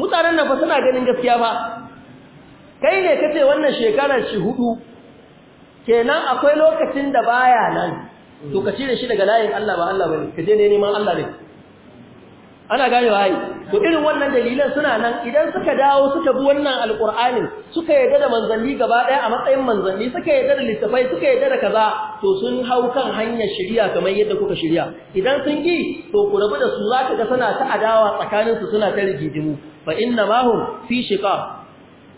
mutanen nan fa suna ganin gaskiya ba kai ne kace wannan shekarar shi hudu kenan akwai lokacin da baya nan to kace ne shi daga layin Allah ba Allah bane ka ne neman Allah ne ana gane wai to irin wannan dalilan suna nan idan suka dawo suka bi wannan alqur'anin suka yarda da manzanni gaba daya a matsayin manzanni suka yarda da littafai suka yarda da kaza to sun hau kan hanyar shari'a kamar yadda kuka shari'a idan sun yi to ku rabu da su zaka ga suna ta adawa tsakanin su suna ta rigidimu fa inna mahum fi shiqaq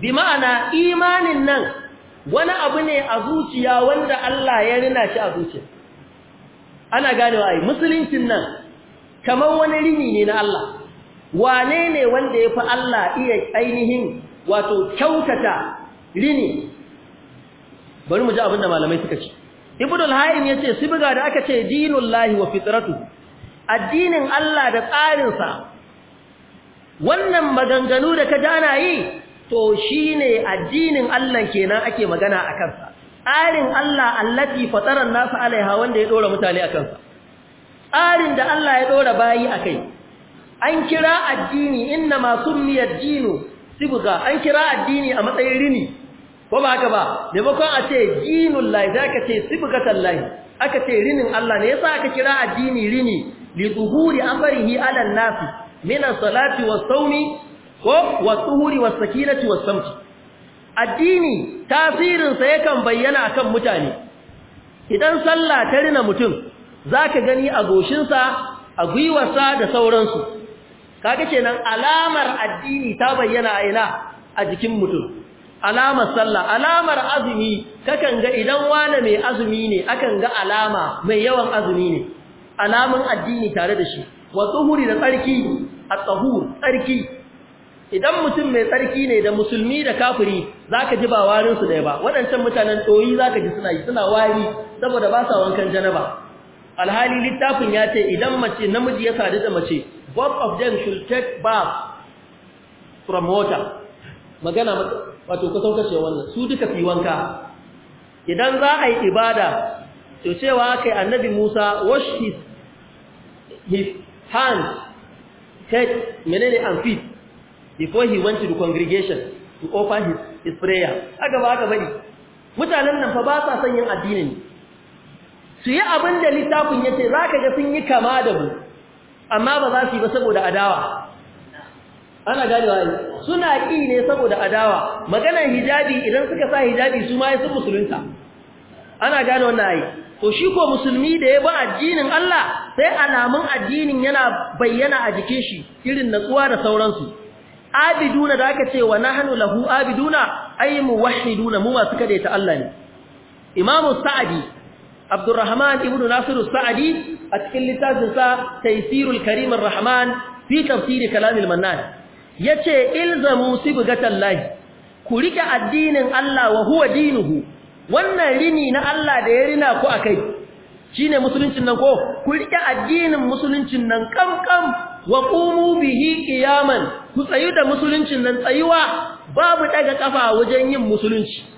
bi ma'ana imanin nan wani abu ne a zuciya wanda Allah ya rina shi a zuciya ana ganewa ai musuluncin nan kamar wani rini ne na Allah wane ne wanda ya fi Allah iya ainihin wato kyautata rini bari mu ji abin da malamai suka ce ibnu al-hayim yace sibiga da aka ce dinullahi wa fitratu addinin Allah da tsarinsa wannan maganganu da ka jana yi to shi ne addinin Allah kenan ake magana a kansa tsarin Allah allati fataran nasu alaiha wanda ya dora mutane a kansa tsarin da Allah ya ɗora bayi a kai an kira addini inna ma miyar dinu sibga an kira addini a matsayin rini ko ba haka ba da bakon a ce dinul lahi zaka ce sibgatan tallahi? aka ce rinin Allah ne yasa aka kira addini rini li zuhuri amrihi ala nasi min as-salati was-sawmi ko wa tuhuri wa sakinati wa samti addini tasirin sa yakan bayyana akan mutane idan sallah ta rina mutum zaka gani a goshinsa a gwiwarsa da sauransu kaga kenan alamar addini ta bayyana a ina a jikin mutum alamar sallah alamar azumi kakan ga idan wani mai azumi ne akan ga alama mai yawan azumi ne alamun addini tare da shi wa tuhuri da tsarki at-tahur tsarki idan mutum mai tsarki ne da musulmi da kafiri zaka ji ba warinsu su ɗaya ba waɗancan mutanen ɗoyi zaka ji suna yi suna wari saboda ba sa wankan janaba alhali littafin ya ce idan mace namiji ya sadu da mace both of them should take bath from water magana wato kusan kashe wannan su duka fi wanka idan za a yi ibada to cewa kai annabi Musa wash his his hands head menene and feet before he went to the congregation to offer his, his prayer Aga ba haka bane mutanen nan fa ba sa son yin addinin su yi abin da littafin yace ka ga sun yi kama da mu amma ba za su yi ba saboda adawa ana gane wani. suna ƙi ne saboda adawa maganar hijabi idan suka sa hijabi su ma sun musulunta ana gane wannan ayi to shi ko musulmi da ya ba addinin Allah sai alamun addinin yana bayyana a jikin shi irin natsuwa da sauransu abiduna da aka ce wa nahnu lahu abiduna ay muwahhiduna mu masu ta Allah ne Imam Sa'di Abdurrahman ibn Nasir Sa'di a cikin littafin sa Taysirul Karim Ar-Rahman fi tafsir kalam al-Mannan yace ilzamu sibgatallahi ku rike addinin Allah wa huwa dinuhu wannan rini na Allah da ya rina ku akai shine musuluncin nan ko ku rike addinin musuluncin nan kamkam wa qumu bihi qiyaman ku tsayu da musuluncin nan tsayuwa babu daga kafa wajen yin musulunci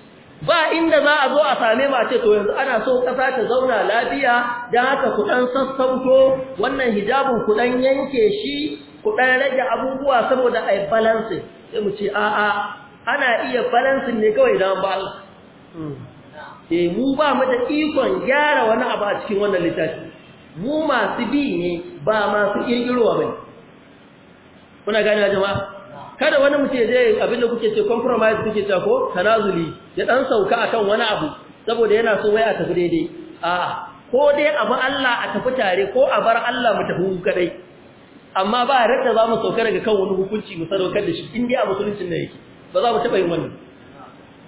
ba inda za a zo a same mu ce to yanzu ana so kasa ta zauna lafiya dan haka ku dan sassauto wannan hijabin ku dan yanke shi ku dan rage abubuwa saboda ai balance sai mu ce a'a ana iya balance ne kawai idan ba Allah hmm. eh mu ba mu da ikon gyara wani abu a cikin wannan litafin mu masu bi ne ba masu kirkirowa ne kuna gani a jama'a kada wani mutum ya zai abinda kuke ce compromise kuke ta ko tanazuli ya dan sauka a kan wani abu saboda yana so wai a tafi daidai a ko dai abu Allah a tafi tare ko a bar Allah mu tafi kadai amma ba radda za mu sauka daga kan wani hukunci mu sadaukar da shi in dai a musuluncin ne yake ba za mu taba yin wannan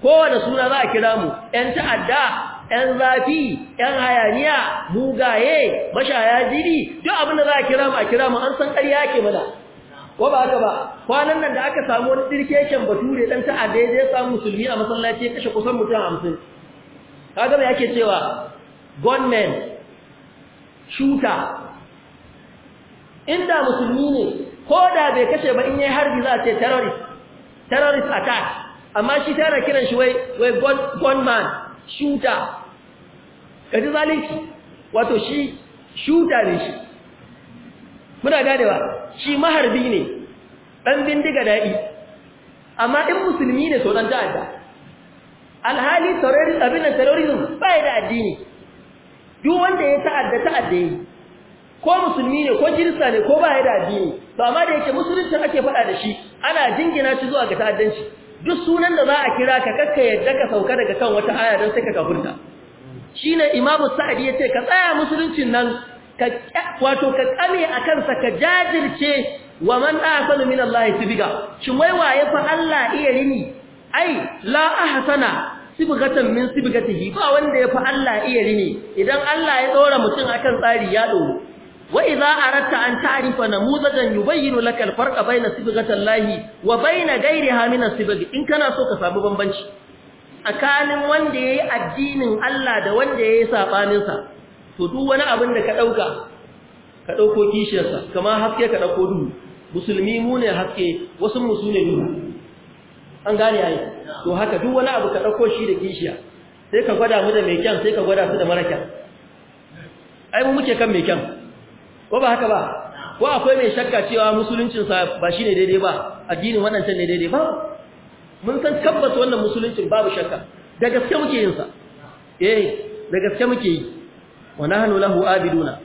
kowane suna za a kira mu ‘yan ta'adda ‘yan zafi, ‘yan hayaniya, mugaye, mashaya jiri, duk abin da za a kira ma a kira ma an san ƙarya ke mana. Wa ba haka ba, kwanan nan da aka samu wani tsirkeken bature ɗan ta'adda ya zai samu musulmi a masallaci ya kashe kusan mutum hamsin. Ka me yake cewa gunmen, shuta, inda musulmi ne, ko da bai kashe ba in yi harbi za a ce terrorist, terrorist attack, amma shi tana kiran shi wai gunman, shuta kaji zalunci wato shi shuta ne shi muna ba. shi maharbi ne dan bindiga dadi amma in musulmi ne so dan ta'adda alhali terrorism abin terrorism bai da addini duk wanda ya ta'adda ta'adda yi ko musulmi ne ko kirista ne ko bai da addini to amma da yake musulunci ake fada da shi ana jingina shi zuwa ga ta'addanci duk sunan da za a kira ka kakka yadda ka sauka daga kan wata aya don sai ka kafurta shine imamu sa'adi yace ka tsaya musuluncin nan ka wato ka kame a kansa ka jajirce wa man ahsanu min Allah sibiga. shin wai waye fa Allah iya rini ai la ahsana sibigatan min sibgatihi ba wanda ya fa Allah iya rini idan Allah ya dora mutum akan tsari ya doro wa idza aratta an ta'rifa namuzajan yubayyinu laka al-farqa bayna sibgati Allah wa bayna ghayriha min as in kana so ka sami bambanci tsakanin wanda ya yi addinin Allah da wanda ya yi saɓaninsa to duk wani abin da ka ɗauka ka ɗauko kishiyarsa kama haske ka ɗauko duhu musulmi mu ne haske wasu musu ne duhu an gane yayi to haka duk wani abu ka ɗauko shi da kishiya sai ka gwada mu da mai kyan sai ka gwada su da mara kyan ai muke kan mai kyan ko ba haka ba ko akwai mai shakka cewa musuluncinsa ba shi ne daidai ba addinin waɗancan ne daidai ba mun san tabbas wannan musuluncin babu shakka da gaske muke yin sa eh da gaske muke yi wa nahnu lahu abiduna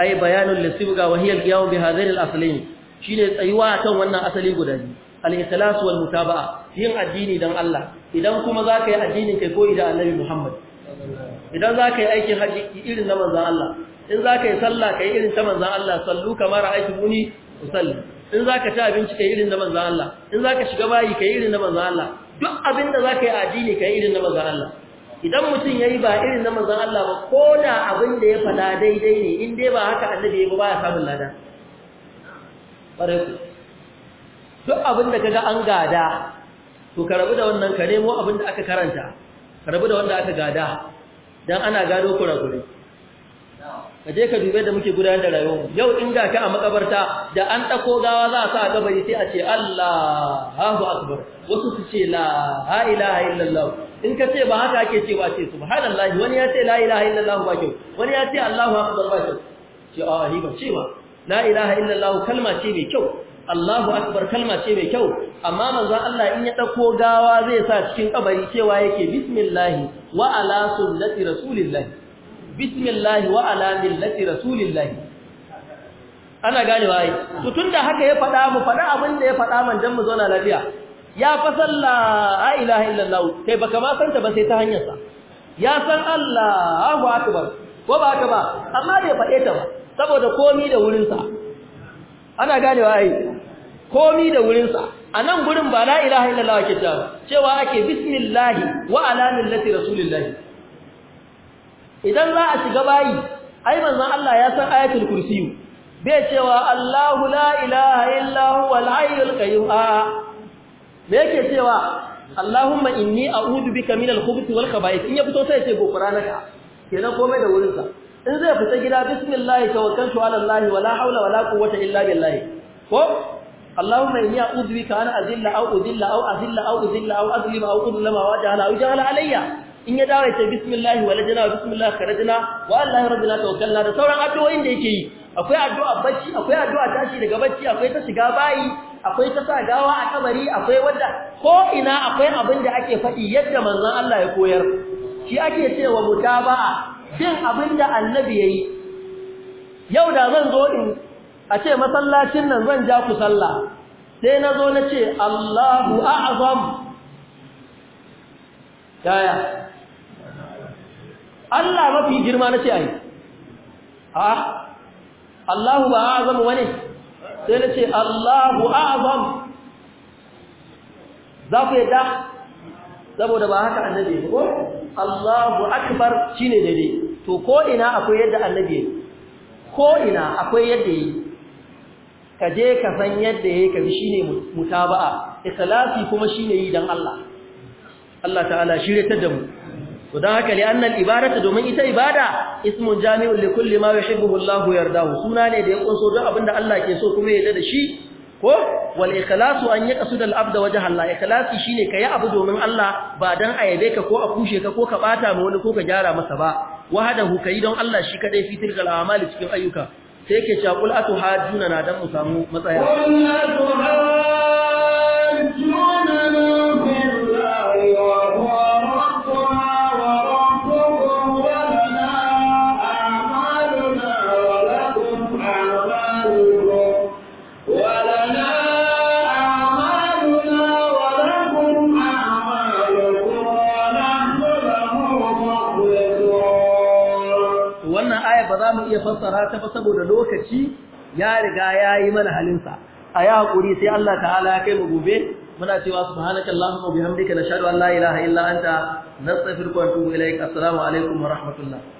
ay bayanul lisbga wa hiya al-qiyam bi ne al shine tsayuwa kan wannan asali guda biyu al-ikhlas wal mutaba'a yin addini dan Allah idan kuma zaka yi addinin kai ko idan Annabi Muhammad idan zaka yi aikin haji irin na manzon Allah in zaka yi sallah kai irin ta manzon Allah sallu kama ra'aytumuni usalli in zaka ci abinci kai irin na manzon Allah in zaka shiga bayi kai irin na manzon Allah duk abin da zaka yi a addini kai irin na manzon Allah idan mutum yayi ba irin na manzon Allah ba ko da abin da ya fada daidai ne in dai ba haka annabi ya ba ya samun lada duk abin da kaga an gada to ka rabu da wannan ka nemo abin da aka karanta ka rabu da wanda aka gada dan ana gado kurakure ka je ka dube da muke gudanar da rayuwar yau in ga ka a makabarta da an dako gawa za a sa a kabari sai a ce Allahu akbar wasu su ce la ilaha illallah in ka ce ba haka ake cewa ce subhanallahi wani ya ce la ilaha illallah ba kyau wani ya ce Allahu akbar ba kyau ce a ni ba ce ba la ilaha illallah kalma ce mai kyau Allahu akbar kalma ce mai kyau amma manzo Allah in ya dako gawa zai sa cikin kabari cewa yake bismillah wa ala sunnati rasulillahi bismillahi wa ala millati rasulillahi ana ganewa ai to tunda haka ya faɗa mu faɗa abin da ya faɗa man dan mu zauna lafiya ya fa salla la ilaha illallah kai baka ma santa ba sai ta hanyar sa ya san Allah Allahu akbar ko ba haka ba amma bai faɗe ta ba saboda komi da wurin sa ana ganewa ai komi da wurin sa a nan gurin ba la ilaha illallah ake cewa cewa ake bismillahi wa ala millati rasulillahi idan za a shiga bayi ai manzon Allah ya san ayatul kursi bai cewa Allahu la ilaha illa huwal hayyul qayyum a me yake cewa Allahumma inni a'udhu bika minal khubuthi wal khaba'ith in ya fito sai ya ce gofara naka kenan komai da wurinsa in zai fita gida bismillah tawakkaltu ala allah wala haula wala quwwata illa billah ko allahumma inni a'udhu bika an azilla au udilla aw azilla aw udilla au azlima aw udlama wa ja'ala aw ja'ala alayya in ya dawo ya ce bismillah walajna wa bismillah kharajna wa allahi rabbina tawakkalna da sauran addu'o'in da yake yi akwai addu'a bacci akwai addu'a tashi daga bacci akwai ta shiga bayi akwai ta sa gawa a kabari akwai wanda ko ina akwai abin da ake faɗi yadda manzon Allah ya koyar shi ake cewa mutaba bin abin da annabi yayi yau da zan zo in a ce masallacin nan zan ja ku sallah sai na zo na ce Allahu a'zam yaya Allah mafi girma na ce yi, a Allahu ba azam wani sai na ce Allahu azam za ku yadda saboda ba haka annabi ko Allahu akbar ne dare, to ko ina akwai yadda annabi yake ko ina akwai yadda yake ka je ka san yadda yake ka bi shine mutaba'a ikhlasi kuma shi ne yi don Allah Allah ta'ala shirye ta da mu to dan haka li'anna ibarata domin ita ibada ismun jami'un li kulli ma yuhibbuhu Allah wa yardahu suna ne da ya kunso duk abinda Allah ke so kuma ya yarda da shi ko wal ikhlasu an da al abda wajha Allah ikhlasi shine yi abu domin Allah ba dan ayabe ka ko a kushe ka ko ka bata ma wani ko ka gyara masa ba wahadahu kai don Allah shi kadai fitir gal amali cikin ayyuka sai yake cewa atu hajuna na dan mu samu matsaya fassara ta fa saboda lokaci ya riga ya yi mana halinsa a yi haƙuri sai Allah ta'ala ya kai mu gobe muna cewa subhanaka allahumma bihamdika nashhadu an la ilaha illa anta nastaghfiruka wa atubu ilaik assalamu alaikum wa rahmatullah